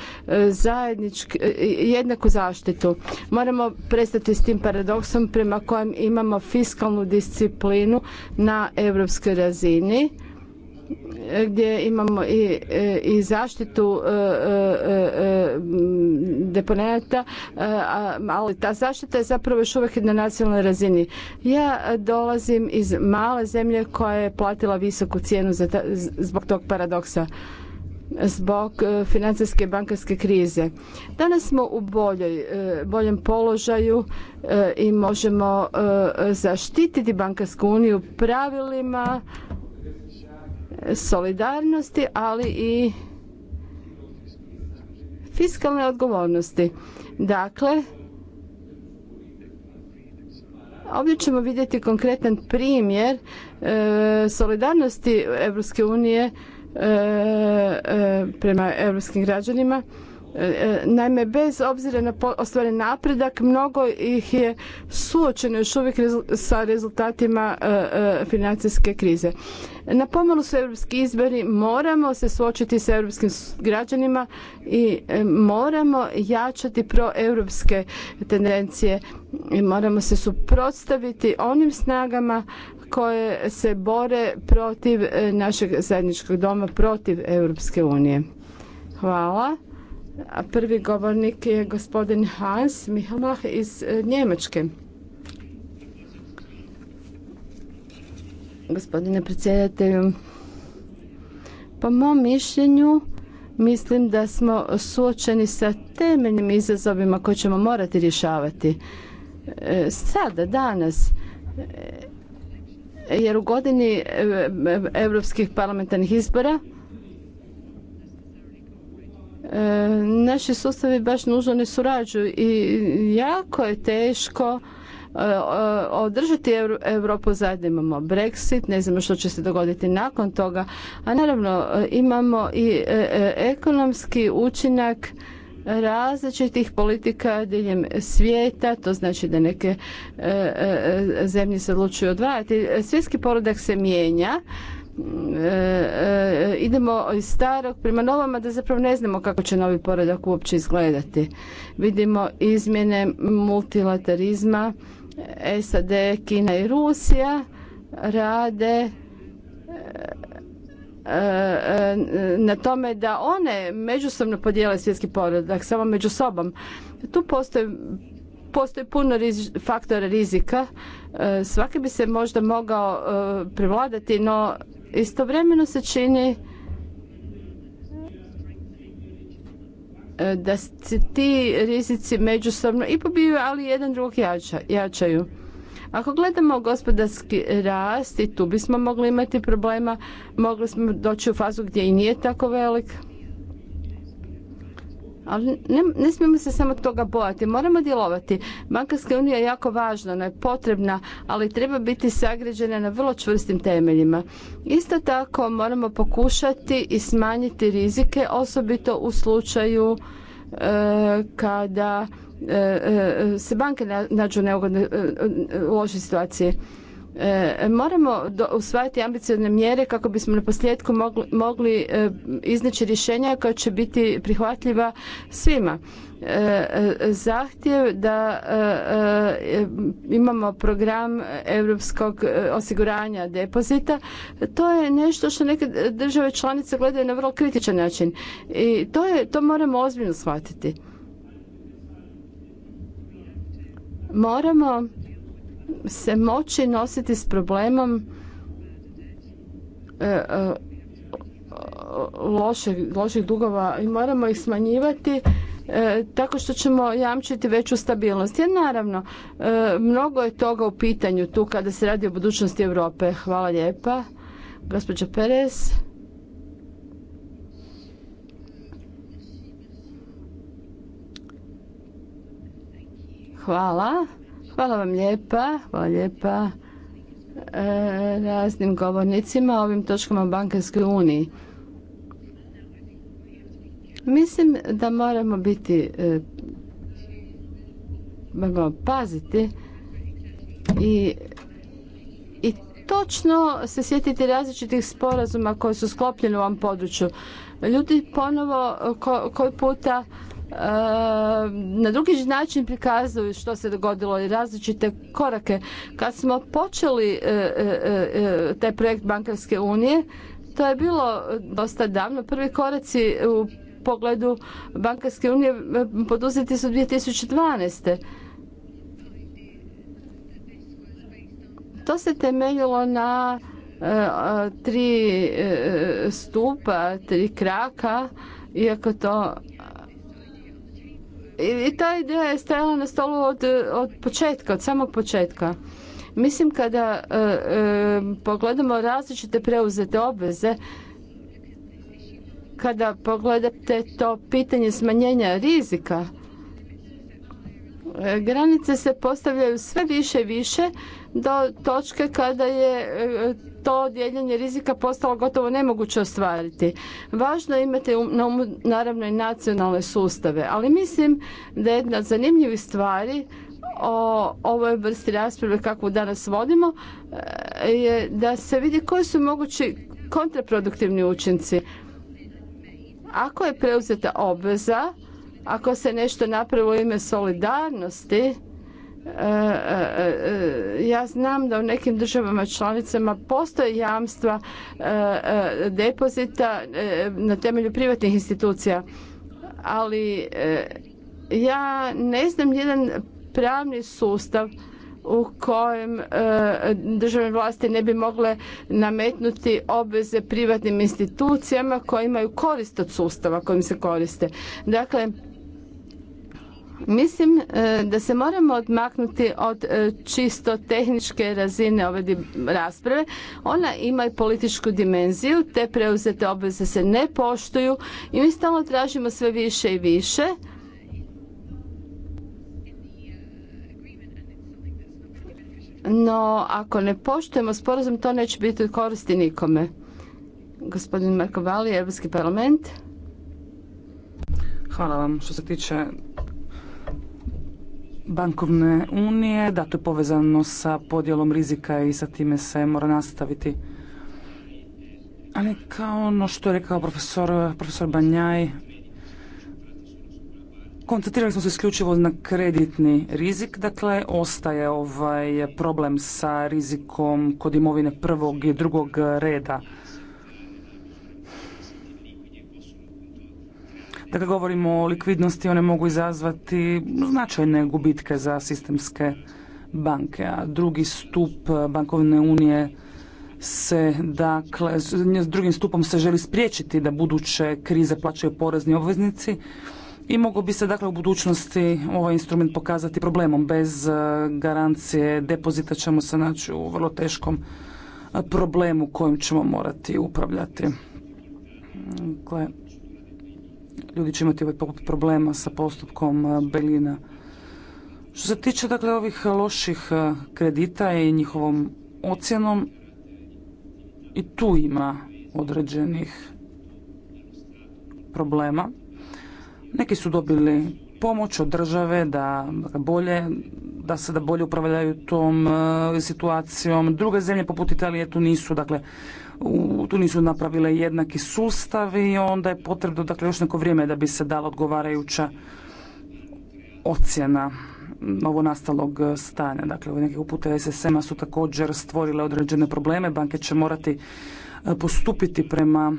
A: zajednički jednaku zaštitu. Moramo prestati s tim paradoksom prema kojem imamo fiskalnu disciplinu na europskoj razini gdje imamo i, e, zaštitu e, e, deponenata, ali ta zaštita je zapravo još uvijek na nacionalnoj razini. Ja dolazim iz male zemlje koja je platila visoku cijenu zbog tog paradoksa zbog financijske i bankarske krize. Danas smo u boljem položaju i možemo zaštititi bankarsku uniju pravilima solidarnosti, ali i fiskalne odgovornosti. Dakle, ovdje ćemo vidjeti konkretan primjer e, solidarnosti Evropske unije e, e, prema europskim građanima E, e, naime, bez obzira na ostvaren napredak, mnogo ih je suočeno još uvijek sa rezultatima e, financijske krize. Na pomalu su europski izbori, moramo se suočiti sa europskim građanima i moramo jačati proeuropske tendencije i moramo se suprotstaviti onim snagama koje se bore protiv našeg zajedničkog doma, protiv Europske unije. Hvala. A prvi govornik je gospodin Hans Miha iz e, Njemačke. Gospodine predsjedatelju, po mom mišljenju mislim da smo suočeni sa temeljnim izazovima koje ćemo morati rješavati. E, sada, danas, e, jer u godini europskih parlamentarnih izbora E, naši sustavi baš nužno ne surađuju i jako je teško e, održati Europu zajedno. Imamo Brexit, ne znamo što će se dogoditi nakon toga, a naravno e, imamo i ekonomski učinak različitih politika diljem svijeta, to znači da neke zemlje se odlučuju odvajati. Svjetski porodak se mijenja, E, e, idemo iz starog prema novama da zapravo ne znamo kako će novi poredak uopće izgledati. Vidimo izmjene multilaterizma, SAD, Kina i Rusija rade e, na tome da one međusobno podijele svjetski poredak, samo među sobom. Tu postoji postoji puno faktora rizika. Svaki bi se možda mogao prevladati, no Istovremeno se čini e, da se ti rizici međusobno i pobiju, ali jedan drugog jača, jačaju. Ako gledamo gospodarski rast i tu bismo mogli imati problema, mogli smo doći u fazu gdje i nije tako velik. Ali ne, ne smijemo se samo toga bojati, moramo djelovati. Bankarska unija je jako važna, ona je potrebna, ali treba biti sagređena na vrlo čvrstim temeljima. Isto tako moramo pokušati i smanjiti rizike, osobito u slučaju e, kada e, e, se banke nađu neugodne, e, u lošoj situaciji. E, moramo usvajati ambiciozne mjere kako bismo na posljedku mogli e, iznaći rješenja koja će biti prihvatljiva svima. E, zahtjev da imamo program europskog osiguranja depozita, to je nešto što neke države članice gledaju na vrlo kritičan način i to, je, to moramo ozbiljno shvatiti. Moramo se moći nositi s problemom e, e, loših, dugova i moramo ih smanjivati e, tako što ćemo jamčiti veću stabilnost. Jer naravno, mnogo je toga u pitanju tu kada se radi o budućnosti Europe. Hvala lijepa. Gospođa Perez. Hvala. Hvala vam lijepa, hvala e, raznim govornicima o ovim točkama bankarskoj uniji. Mislim da moramo biti e, moramo paziti i i točno se sjetiti različitih sporazuma koji su sklopljeni u ovom području. Ljudi ponovo koji puta na drugi način prikazuju što se dogodilo i različite korake. Kad smo počeli e, e, e, taj projekt bankarske unije, to je bilo dosta davno. Prvi koraci u pogledu bankarske unije poduzeti su 2012. To se temeljilo na tri stupa, tri kraka, iako to i ta ideja je stajala na stolu od, od početka, od samog početka. Mislim kada e, e, pogledamo različite preuzete obveze, kada pogledate to pitanje smanjenja rizika, e, granice se postavljaju sve više i više do točke kada je e, to dijeljenje rizika postalo gotovo nemoguće ostvariti. Važno je imati na umu naravno i nacionalne sustave, ali mislim da jedna od zanimljivih stvari o ovoj vrsti rasprave kakvu danas vodimo e, je da se vidi koji su mogući kontraproduktivni učinci. Ako je preuzeta obveza, ako se nešto napravi u ime solidarnosti, E, e, e, ja znam da u nekim državama članicama postoje jamstva depozita na temelju privatnih institucija, ali ja ne znam jedan pravni sustav u kojem državne vlasti ne bi mogle nametnuti obveze privatnim institucijama koje imaju korist od sustava kojim se koriste. Dakle, Mislim e, da se moramo odmaknuti od e, čisto tehničke razine ove rasprave. Ona ima i političku dimenziju, te preuzete obveze se ne poštuju i mi stalno tražimo sve više i više. No, ako ne poštujemo sporazum, to neće biti koristi nikome. Gospodin Marko Vali, Europski parlament. Hvala vam. Što se tiče bankovne unije,
C: da to je povezano sa podjelom rizika i sa time se mora nastaviti. Ali kao ono što je rekao profesor, profesor Banjaj, koncentrirali smo se isključivo na kreditni rizik, dakle ostaje ovaj problem sa rizikom kod imovine prvog i drugog reda. Dakle, govorimo o likvidnosti, one mogu izazvati značajne gubitke za sistemske banke, a drugi stup eh, bankovne unije se, dakle, s drugim stupom se želi spriječiti da buduće krize plaćaju porezni obveznici i mogu bi se dakle u budućnosti ovaj instrument pokazati problemom. Bez eh, garancije depozita ćemo se naći u vrlo teškom eh, problemu kojim ćemo morati upravljati. Dakle, ljudi će imati ovaj problema sa postupkom e, Belina. Što se tiče dakle ovih loših e, kredita i njihovom ocjenom, i tu ima određenih problema. Neki su dobili pomoć od države da dakle, bolje da se da bolje upravljaju tom e, situacijom. Druge zemlje poput Italije tu nisu dakle u, tu nisu napravile jednaki sustav i onda je potrebno dakle još neko vrijeme da bi se dala odgovarajuća ocjena novonastalog e, stanja. Dakle, u neke upute SSM-a su također stvorile određene probleme. Banke će morati e, postupiti prema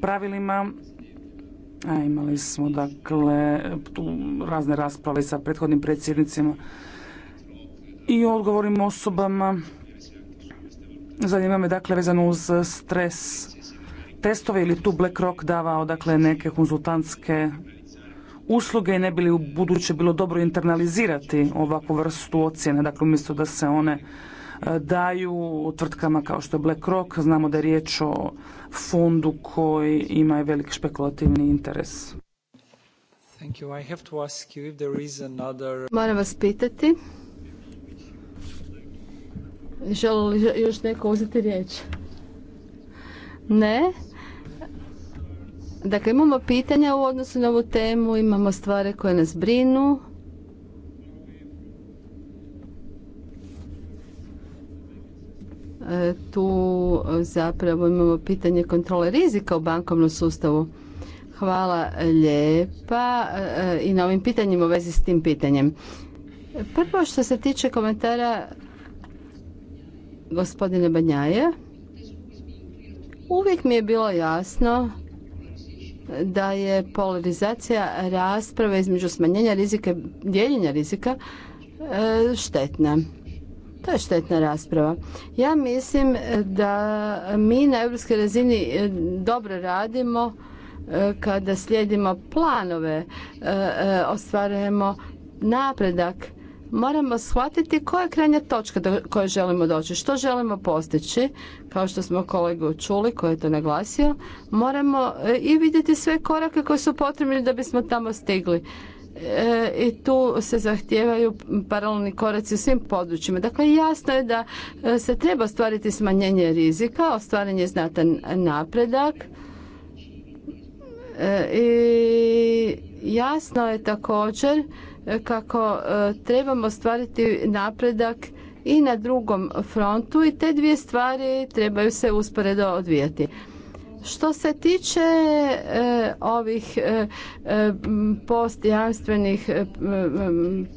C: pravilima. A imali smo, dakle, tu razne rasprave sa prethodnim predsjednicima i odgovornim osobama Zanima me dakle vezano uz stres testove ili tu BlackRock davao dakle neke konzultantske usluge i ne bi li u buduće bilo dobro internalizirati ovakvu vrstu ocjene, dakle umjesto da se one e, daju tvrtkama kao što je BlackRock, znamo da je riječ o fondu koji ima velik špekulativni interes. Moram vas
A: pitati Želi li još neko uzeti riječ? Ne? Dakle, imamo pitanja u odnosu na ovu temu, imamo stvari koje nas brinu. E, tu e, zapravo imamo pitanje kontrole rizika u bankovnom sustavu. Hvala lijepa e, i na ovim pitanjima u vezi s tim pitanjem. Prvo što se tiče komentara gospodine Banjaje. Uvijek mi je bilo jasno da je polarizacija rasprave između smanjenja rizika, dijeljenja rizika e, štetna. To je štetna rasprava. Ja mislim da mi na europskoj razini e, dobro radimo e, kada slijedimo planove, ostvarujemo napredak moramo shvatiti koja je krajnja točka do koje želimo doći, što želimo postići, kao što smo kolegu čuli koji je to naglasio, moramo e, i vidjeti sve korake koji su potrebni da bismo tamo stigli. E, I tu se zahtijevaju paralelni koraci u svim područjima. Dakle, jasno je da e, se treba ostvariti smanjenje rizika, ostvaranje znatan napredak i jasno je također kako e, trebamo stvariti napredak i na drugom frontu i te dvije stvari trebaju se usporedo odvijati. Što se tiče e, ovih e, postjanstvenih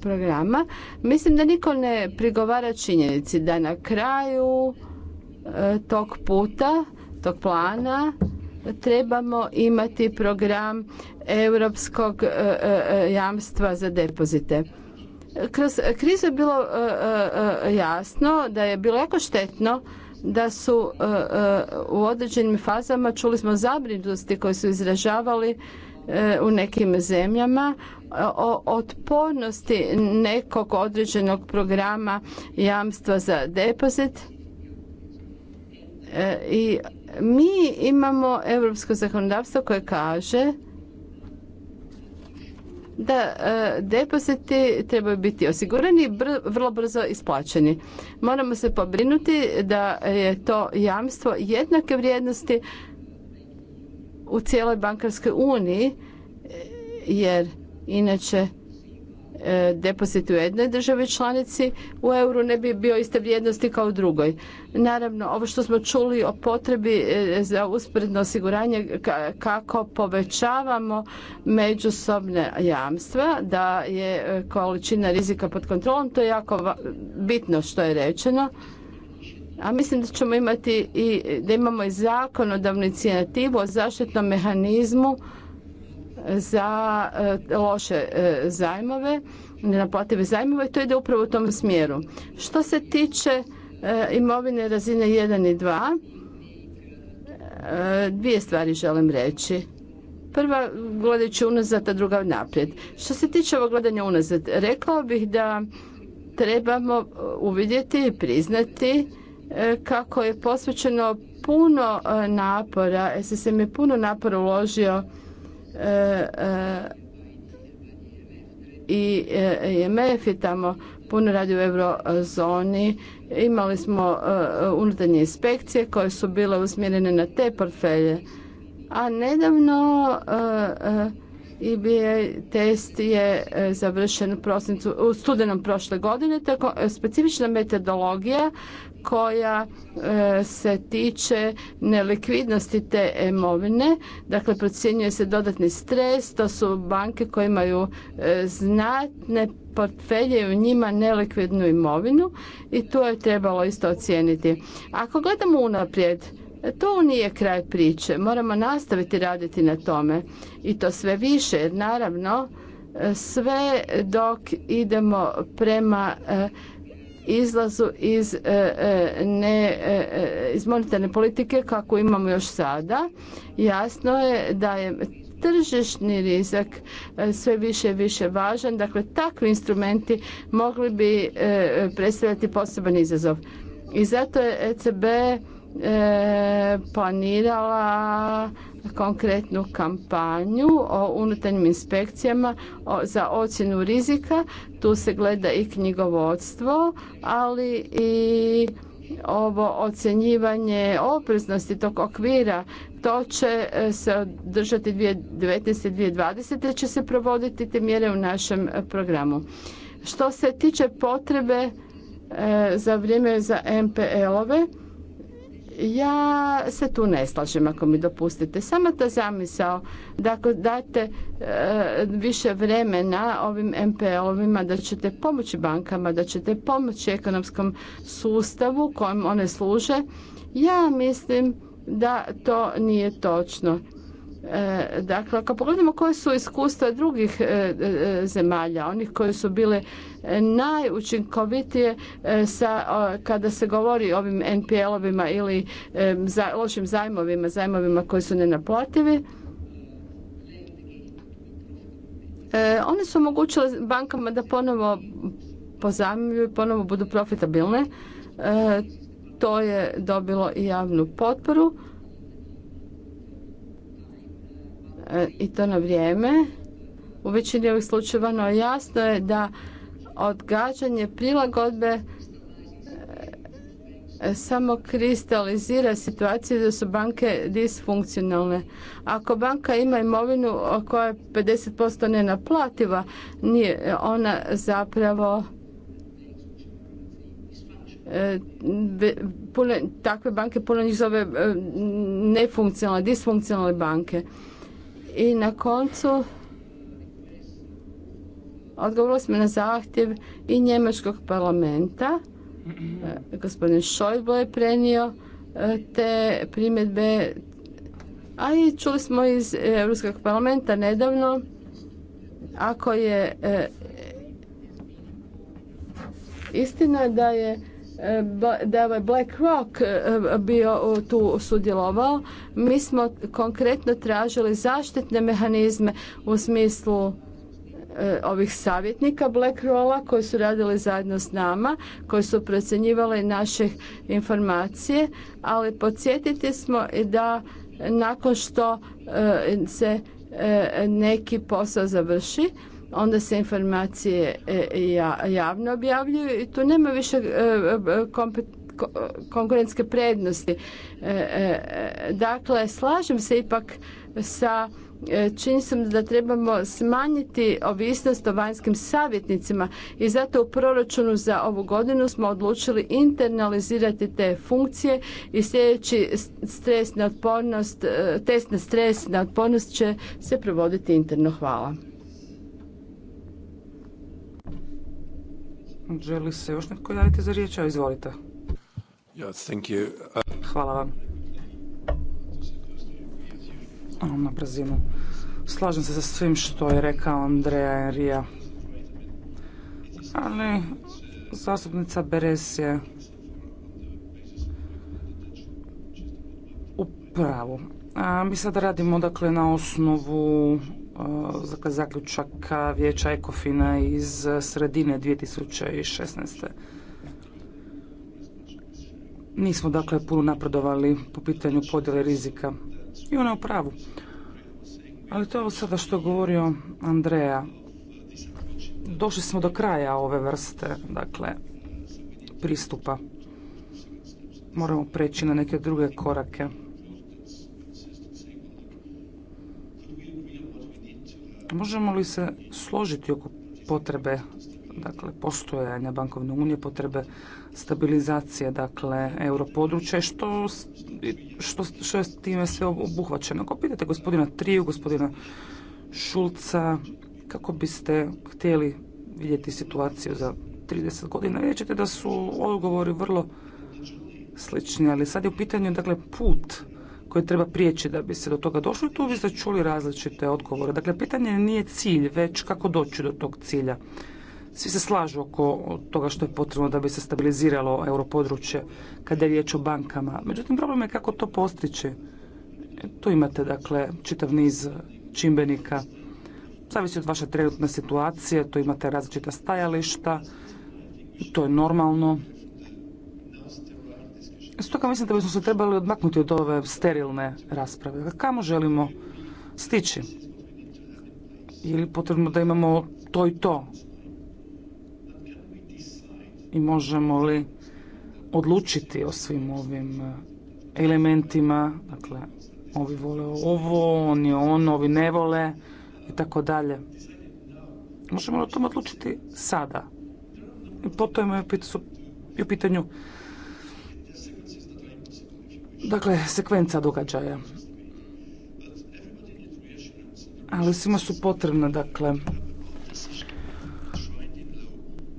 A: programa, mislim da niko ne prigovara činjenici da na kraju tog puta, tog plana trebamo imati program europskog e, e, e, jamstva za depozite. Kroz krizu je bilo jasno da je bilo jako štetno da su u određenim fazama, čuli smo zabrinutosti koje su izražavali u nekim zemljama o otpornosti nekog određenog programa jamstva za depozit i mi imamo europsko zakonodavstvo koje kaže da e, depoziti trebaju biti osigurani i vrlo brzo isplaćeni. Moramo se pobrinuti da je to jamstvo jednake vrijednosti u cijeloj bankarskoj uniji e, jer inače E, depozit u jednoj državi članici u euru ne bi bio iste vrijednosti kao u drugoj. Naravno, ovo što smo čuli o potrebi e, za usporedno osiguranje kako povećavamo međusobne jamstva, da je e, količina rizika pod kontrolom, to je jako bitno što je rečeno. A mislim da ćemo imati i da imamo i zakonodavnu inicijativu o zaštitnom mehanizmu za e, loše e, zajmove, nenaplative zajmove i to ide upravo u tom smjeru. Što se tiče e, imovine razine 1 i 2, dvije stvari želim reći. Prva gledajući unazad, a druga naprijed. Što se tiče ovog gledanja unazad, rekao bih da trebamo uvidjeti i priznati kako je posvećeno puno napora, SSM je puno napora uložio i e, IMF je tamo puno radi u eurozoni. Imali smo e, unutarnje inspekcije koje su bile usmjerene na te portfelje. A nedavno IBA e, test je završen u, prosincu, studenom prošle godine, tako specifična metodologija koja e, se tiče nelikvidnosti te imovine. Dakle, procjenjuje se dodatni stres, to su banke koje imaju e, znatne portfelje i u njima nelikvidnu imovinu i tu je trebalo isto ocijeniti. Ako gledamo unaprijed, to nije kraj priče. Moramo nastaviti raditi na tome i to sve više jer naravno e, sve dok idemo prema izlazu iz, e, e, ne, e, iz monetarne politike kako imamo još sada. Jasno je da je tržišni rizik sve više i više važan. Dakle, takvi instrumenti mogli bi predstavljati poseban izazov. I zato je ECB planirala konkretnu kampanju o unutarnjim inspekcijama za ocjenu rizika. Tu se gleda i knjigovodstvo, ali i ovo ocjenjivanje opreznosti tog okvira to će e, se održati 2019. 2020. će se provoditi te mjere u našem programu. Što se tiče potrebe e, za vrijeme za MPL-ove, ja se tu ne slažem ako mi dopustite. sama ta zamisao da ako date e, više vremena ovim MPL-ovima da ćete pomoći bankama, da ćete pomoći ekonomskom sustavu kojem one služe, ja mislim da to nije točno. E, dakle, ako pogledamo koje su iskustva drugih e, e, zemalja, onih koje su bile najučinkovitije sa, kada se govori o ovim NPL-ovima ili lošim zajmovima, zajmovima koji su nenaplativi, one su omogućile bankama da ponovo pozajmljuju i ponovo budu profitabilne. To je dobilo i javnu potporu. E, i to na vrijeme. U većini ovih slučajeva no jasno je da odgađanje prilagodbe e, samo kristalizira situaciju da su banke disfunkcionalne. Ako banka ima imovinu koja je 50% nenaplativa, nije ona zapravo e, takve banke puno njih zove nefunkcionalne, disfunkcionalne banke. I na koncu odgovorili smo na zahtjev i njemačkog parlamenta. E, gospodin Šojbo je prenio e, te primjedbe, a i čuli smo iz Europskog parlamenta nedavno ako je e, istina da je da je BlackRock e, bio e, tu sudjelovao. Mi smo konkretno tražili zaštitne mehanizme u smislu e, ovih savjetnika Rolla koji su radili zajedno s nama, koji su procjenjivali naše informacije, ali podsjetiti smo i da nakon što se neki posao završi, onda se informacije e, javno objavljuju i tu nema više e, konkurentske prednosti. E, dakle, slažem se ipak sa činjenicom da trebamo smanjiti ovisnost o vanjskim savjetnicima i zato u proračunu za ovu godinu smo odlučili internalizirati te funkcije i sljedeći stres na otpornost, test na stres na otpornost će se provoditi interno. Hvala.
C: Želi se još netko javiti za riječ? A izvolite. Yes, thank Hvala vam. Na brzinu. Slažem se sa svim što je rekao Andreja Enrija. Ali zastupnica Beres je u pravu. mi sada radimo dakle na osnovu zaključaka vijeća Ekofina iz sredine 2016. Nismo dakle puno napredovali po pitanju podjele rizika i ona je u pravu. Ali to je ovo sada što je govorio Andreja. Došli smo do kraja ove vrste, dakle, pristupa. Moramo preći na neke druge korake. Možemo li se složiti oko potrebe dakle postojanja bankovne unije, potrebe stabilizacije dakle europodručja što, što, što je s time sve obuhvaćeno. Ako pitate gospodina Triju, gospodina Šulca, kako biste htjeli vidjeti situaciju za 30 godina, vidjet ćete da su odgovori vrlo slični, ali sad je u pitanju dakle put koje treba prijeći da bi se do toga došlo i tu biste čuli različite odgovore. Dakle, pitanje nije cilj, već kako doći do tog cilja. Svi se slažu oko toga što je potrebno da bi se stabiliziralo europodručje kada je riječ o bankama. Međutim, problem je kako to postići. Tu imate, dakle, čitav niz čimbenika. Zavisi od vaše trenutne situacije, tu imate različita stajališta, to je normalno. Stoga mislim da bismo se trebali odmaknuti od ove sterilne rasprave. Kamo želimo stići? Je potrebno da imamo to i to? I možemo li odlučiti o svim ovim eh, elementima, dakle, ovi vole ovo, oni ono, ovi ne vole i tako dalje. Možemo o tom odlučiti sada. I potom je u pitanju dakle, sekvenca događaja. Ali svima su potrebne, dakle,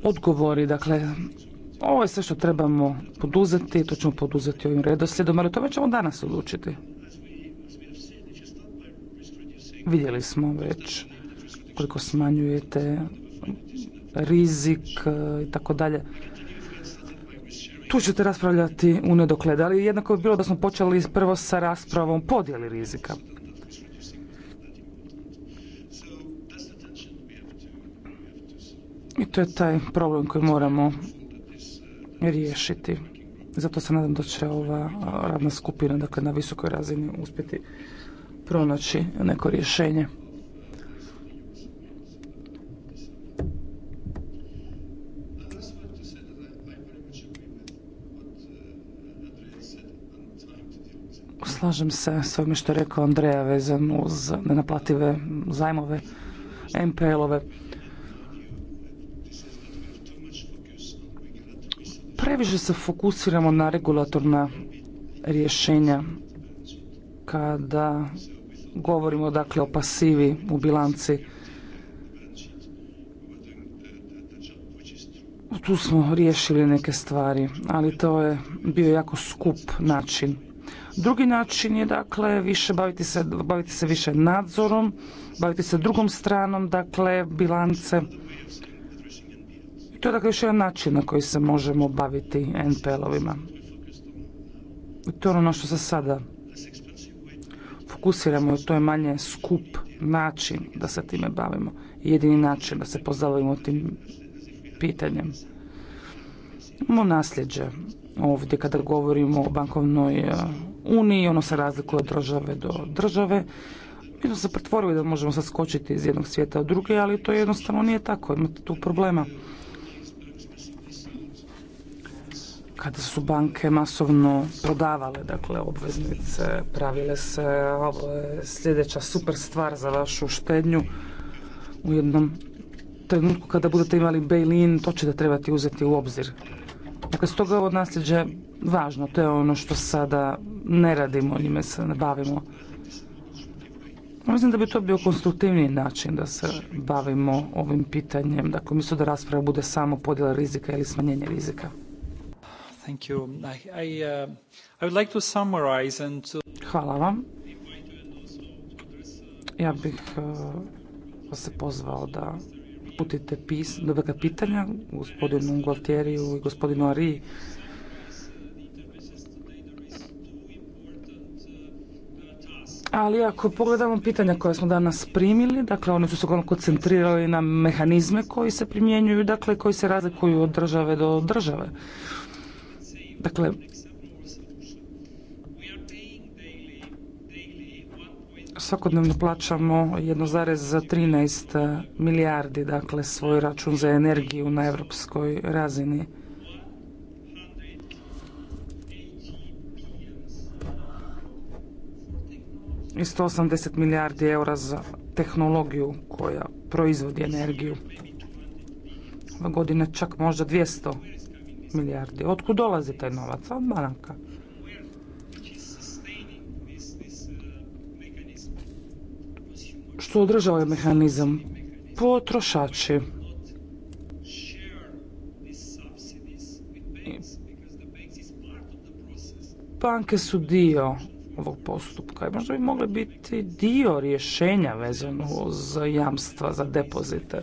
C: odgovori, dakle, ovo je sve što trebamo poduzeti, to ćemo poduzeti ovim redoslijedom, ali o tome ćemo danas odlučiti. Vidjeli smo već koliko smanjujete rizik e, i tako dalje tu ćete raspravljati u nedokledali ali jednako bi bilo da smo počeli prvo sa raspravom podjeli rizika. I to je taj problem koji moramo riješiti. Zato se nadam da će ova radna skupina, dakle, na visokoj razini, uspjeti pronaći neko rješenje. Slažem se s ovime što je rekao Andreja vezan uz nenaplative zajmove, MPL-ove. Previše se fokusiramo na regulatorna rješenja kada govorimo dakle o pasivi u bilanci. Tu smo riješili neke stvari, ali to je bio jako skup način. Drugi način je dakle više baviti se, baviti se više nadzorom, baviti se drugom stranom, dakle bilance. To je dakle još jedan način na koji se možemo baviti NPL-ovima. To je ono što se sada fokusiramo, to je manje skup način da se time bavimo. Jedini način da se pozabavimo tim pitanjem. Imamo nasljeđe ovdje kada govorimo o bankovnoj e, uniji, ono se razlikuje od države do države. Mi smo se pretvorili da možemo sad skočiti iz jednog svijeta u druge, ali to jednostavno nije tako, imate tu problema. Kada su banke masovno prodavale, dakle, obveznice, pravile se, ovo sljedeća super stvar za vašu štednju u jednom trenutku kada budete imali bail-in, to ćete trebati uzeti u obzir. Dakle, stoga je ovo nasljeđe važno, to je ono što sada ne radimo, njime se ne bavimo. Mislim da bi to bio konstruktivniji način da se bavimo ovim pitanjem, dakle, mislim da rasprava bude samo podjela rizika ili smanjenje rizika. Hvala vam. Ja bih uh, vas se pozvao da uputite pis, pitanja gospodinu Gualtieriju i gospodinu Ariji. Ali ako pogledamo pitanja koja smo danas primili, dakle oni su se uglavnom koncentrirali na mehanizme koji se primjenjuju, dakle koji se razlikuju od države do države. Dakle, svakodnevno plaćamo 1,13 milijardi dakle svoj račun za energiju na europskoj razini. I 180 milijardi eura za tehnologiju koja proizvodi energiju. Ove godine čak možda 200 milijardi. Otkud dolazi taj novac? Od banaka. što održava mehanizam? Potrošači. Banke su dio ovog postupka i možda bi mogle biti dio rješenja vezano za jamstva, za depozite.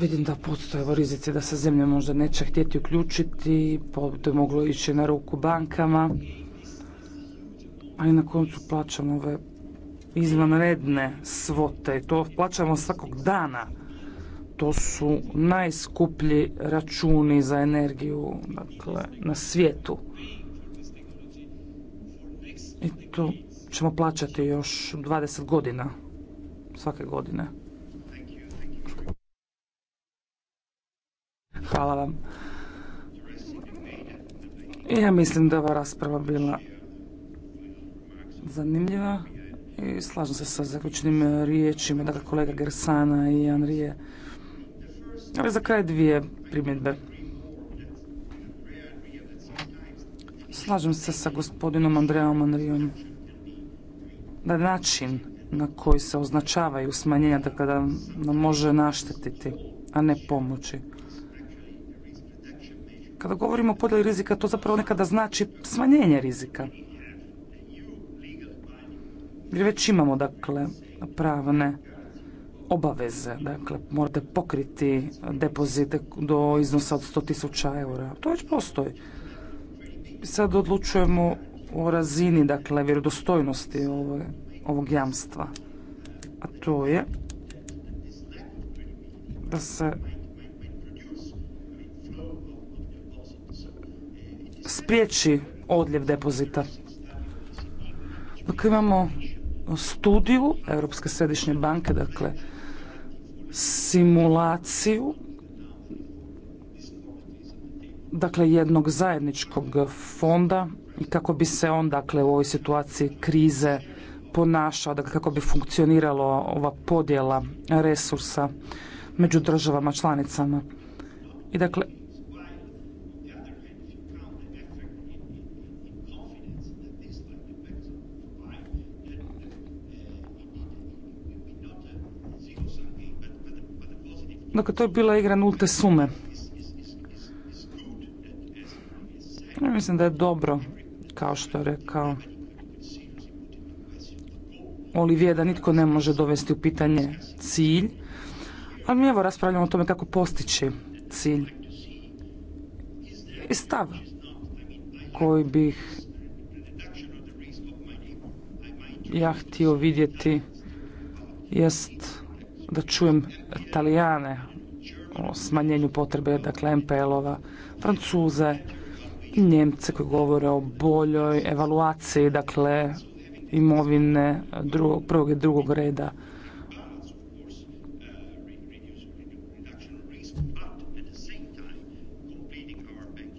C: Vidim da postoje rizici da se zemlja možda neće htjeti uključiti, to pa je moglo ići na ruku bankama, a i na koncu plaćamo ove izvanredne svote i to plaćamo svakog dana. To su najskuplji računi za energiju dakle, na svijetu. I to ćemo plaćati još 20 godina svake godine. Hvala vam. Ja mislim da je ova rasprava bila zanimljiva. I slažem se sa zaključnim e, riječima, dakle kolega Gersana i Anrije. Ali za kraj dvije primjedbe. Slažem se sa gospodinom Andreom Anrijom da način na koji se označavaju smanjenja, dakle da nam može naštetiti, a ne pomoći. Kada govorimo o podjeli rizika, to zapravo nekada znači smanjenje rizika jer već imamo dakle pravne obaveze, dakle morate pokriti depozite do iznosa od 100.000 eura. To već postoji. Sad odlučujemo o razini, dakle, vjerodostojnosti ovog, ovog jamstva. A to je da se spriječi odljev depozita. Dakle, imamo studiju Europske središnje banke, dakle simulaciju dakle jednog zajedničkog fonda i kako bi se on dakle u ovoj situaciji krize ponašao, dakle kako bi funkcioniralo ova podjela resursa među državama članicama. I dakle Dakle, to je bila igra nulte sume. Ja mislim da je dobro, kao što je rekao Olivije, da nitko ne može dovesti u pitanje cilj, ali mi evo raspravljamo o tome kako postići cilj. I stav koji bih ja htio vidjeti jest da čujem Italijane o smanjenju potrebe dakle MPL-ova, Francuze, Njemce koji govore o boljoj evaluaciji dakle imovine drugog, prvog i drugog reda.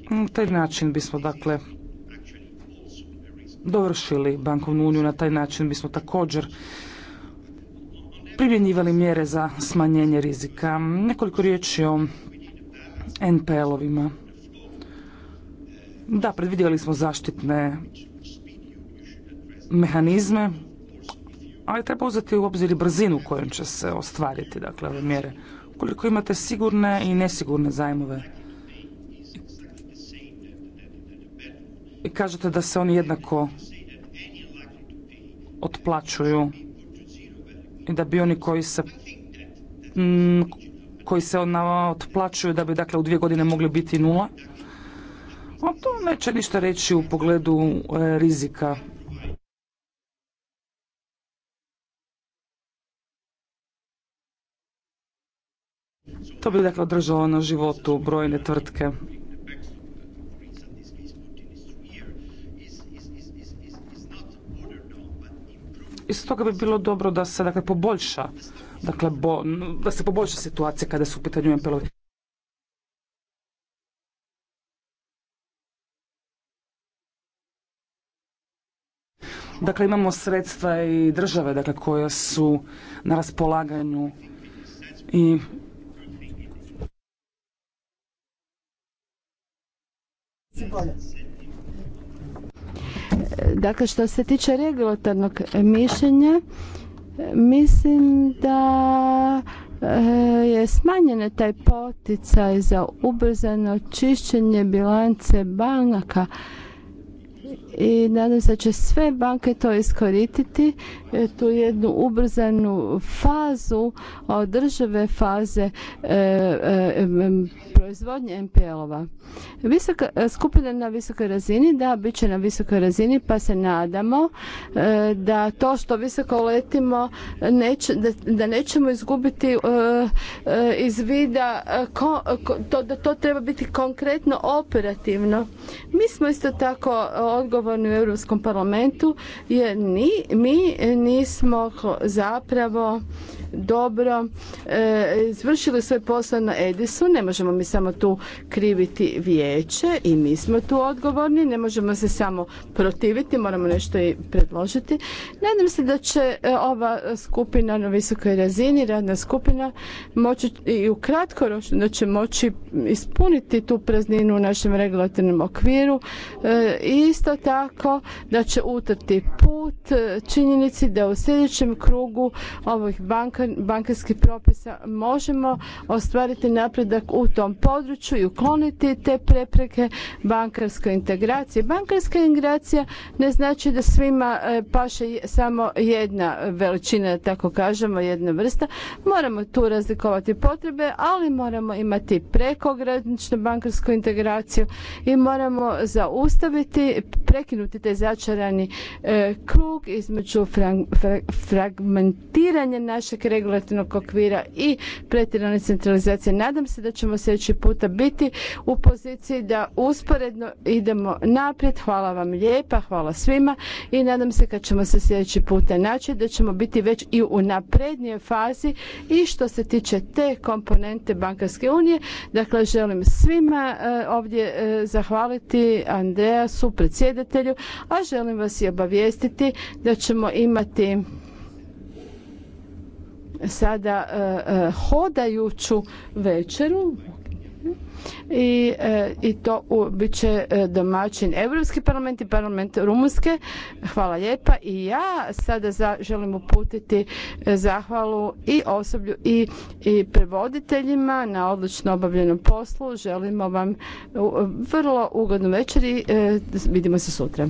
C: Na taj način bismo dakle dovršili bankovnu uniju, na taj način bismo također primjenjivali mjere za smanjenje rizika. Nekoliko riječi o NPL-ovima. Da, predvidjeli smo zaštitne mehanizme, ali treba uzeti u obzir i brzinu kojom će se ostvariti dakle, ove mjere. Koliko imate sigurne i nesigurne zajmove, i kažete da se oni jednako otplaćuju da bi oni koji se mm, koji se otplaćuju da bi dakle u dvije godine mogli biti nula. A to neće ništa reći u pogledu e, rizika To bi dakle održalo na životu brojne tvrtke. isto toga bi bilo dobro da se dakle poboljša dakle da se poboljša situacija kada su u pitanju mpl Dakle, imamo sredstva i države dakle, koja su na raspolaganju
A: i Dakle, što se tiče regulatornog mišljenja, mislim da eh, je smanjen taj poticaj za ubrzano čišćenje bilance banaka i nadam se da će sve banke to iskoristiti e, tu jednu ubrzanu fazu održive faze e, e, proizvodnje MPL-ova. Skupina na visokoj razini, da, bit će na visokoj razini pa se nadamo da to što visoko letimo da, nećemo izgubiti iz vida da to treba biti konkretno operativno. Mi smo isto tako odgovorni odgovorni u Europskom parlamentu jer ni, mi nismo zapravo dobro e, izvršili svoj posao na Edisu. Ne možemo mi samo tu kriviti vijeće i mi smo tu odgovorni. Ne možemo se samo protiviti, moramo nešto i predložiti. Nadam se da će e, ova skupina na visokoj razini, radna skupina, moći i u kratkoročno da će moći ispuniti tu prazninu u našem regulatornom okviru. E, isto tako tako da će utrti put činjenici da u sljedećem krugu ovih bankarskih propisa možemo ostvariti napredak u tom području i ukloniti te prepreke bankarskoj integraciji. Bankarska integracija ne znači da svima e, paše samo jedna veličina, tako kažemo, jedna vrsta. Moramo tu razlikovati potrebe, ali moramo imati prekograničnu bankarsku integraciju i moramo zaustaviti prekograničnu prekinuti taj začarani e, krug između fragmentiranja našeg regulatornog okvira i pretjerane centralizacije. Nadam se da ćemo sljedeći puta biti u poziciji da usporedno idemo naprijed. Hvala vam lijepa, hvala svima i nadam se kad ćemo se sljedeći puta naći da ćemo biti već i u naprednijoj fazi i što se tiče te komponente bankarske unije. Dakle, želim svima e, ovdje e, zahvaliti su predsjedatelju a želim vas i obavijestiti da ćemo imati sada e, e, hodajuću večeru Eh, i, to bit će eh, domaćin Europski parlament i parlament Rumunske. Hvala lijepa i ja sada želim uputiti eh, zahvalu i osoblju i, i prevoditeljima na odlično obavljenom poslu. Želimo vam vrlo ugodnu večer i vidimo se sutra.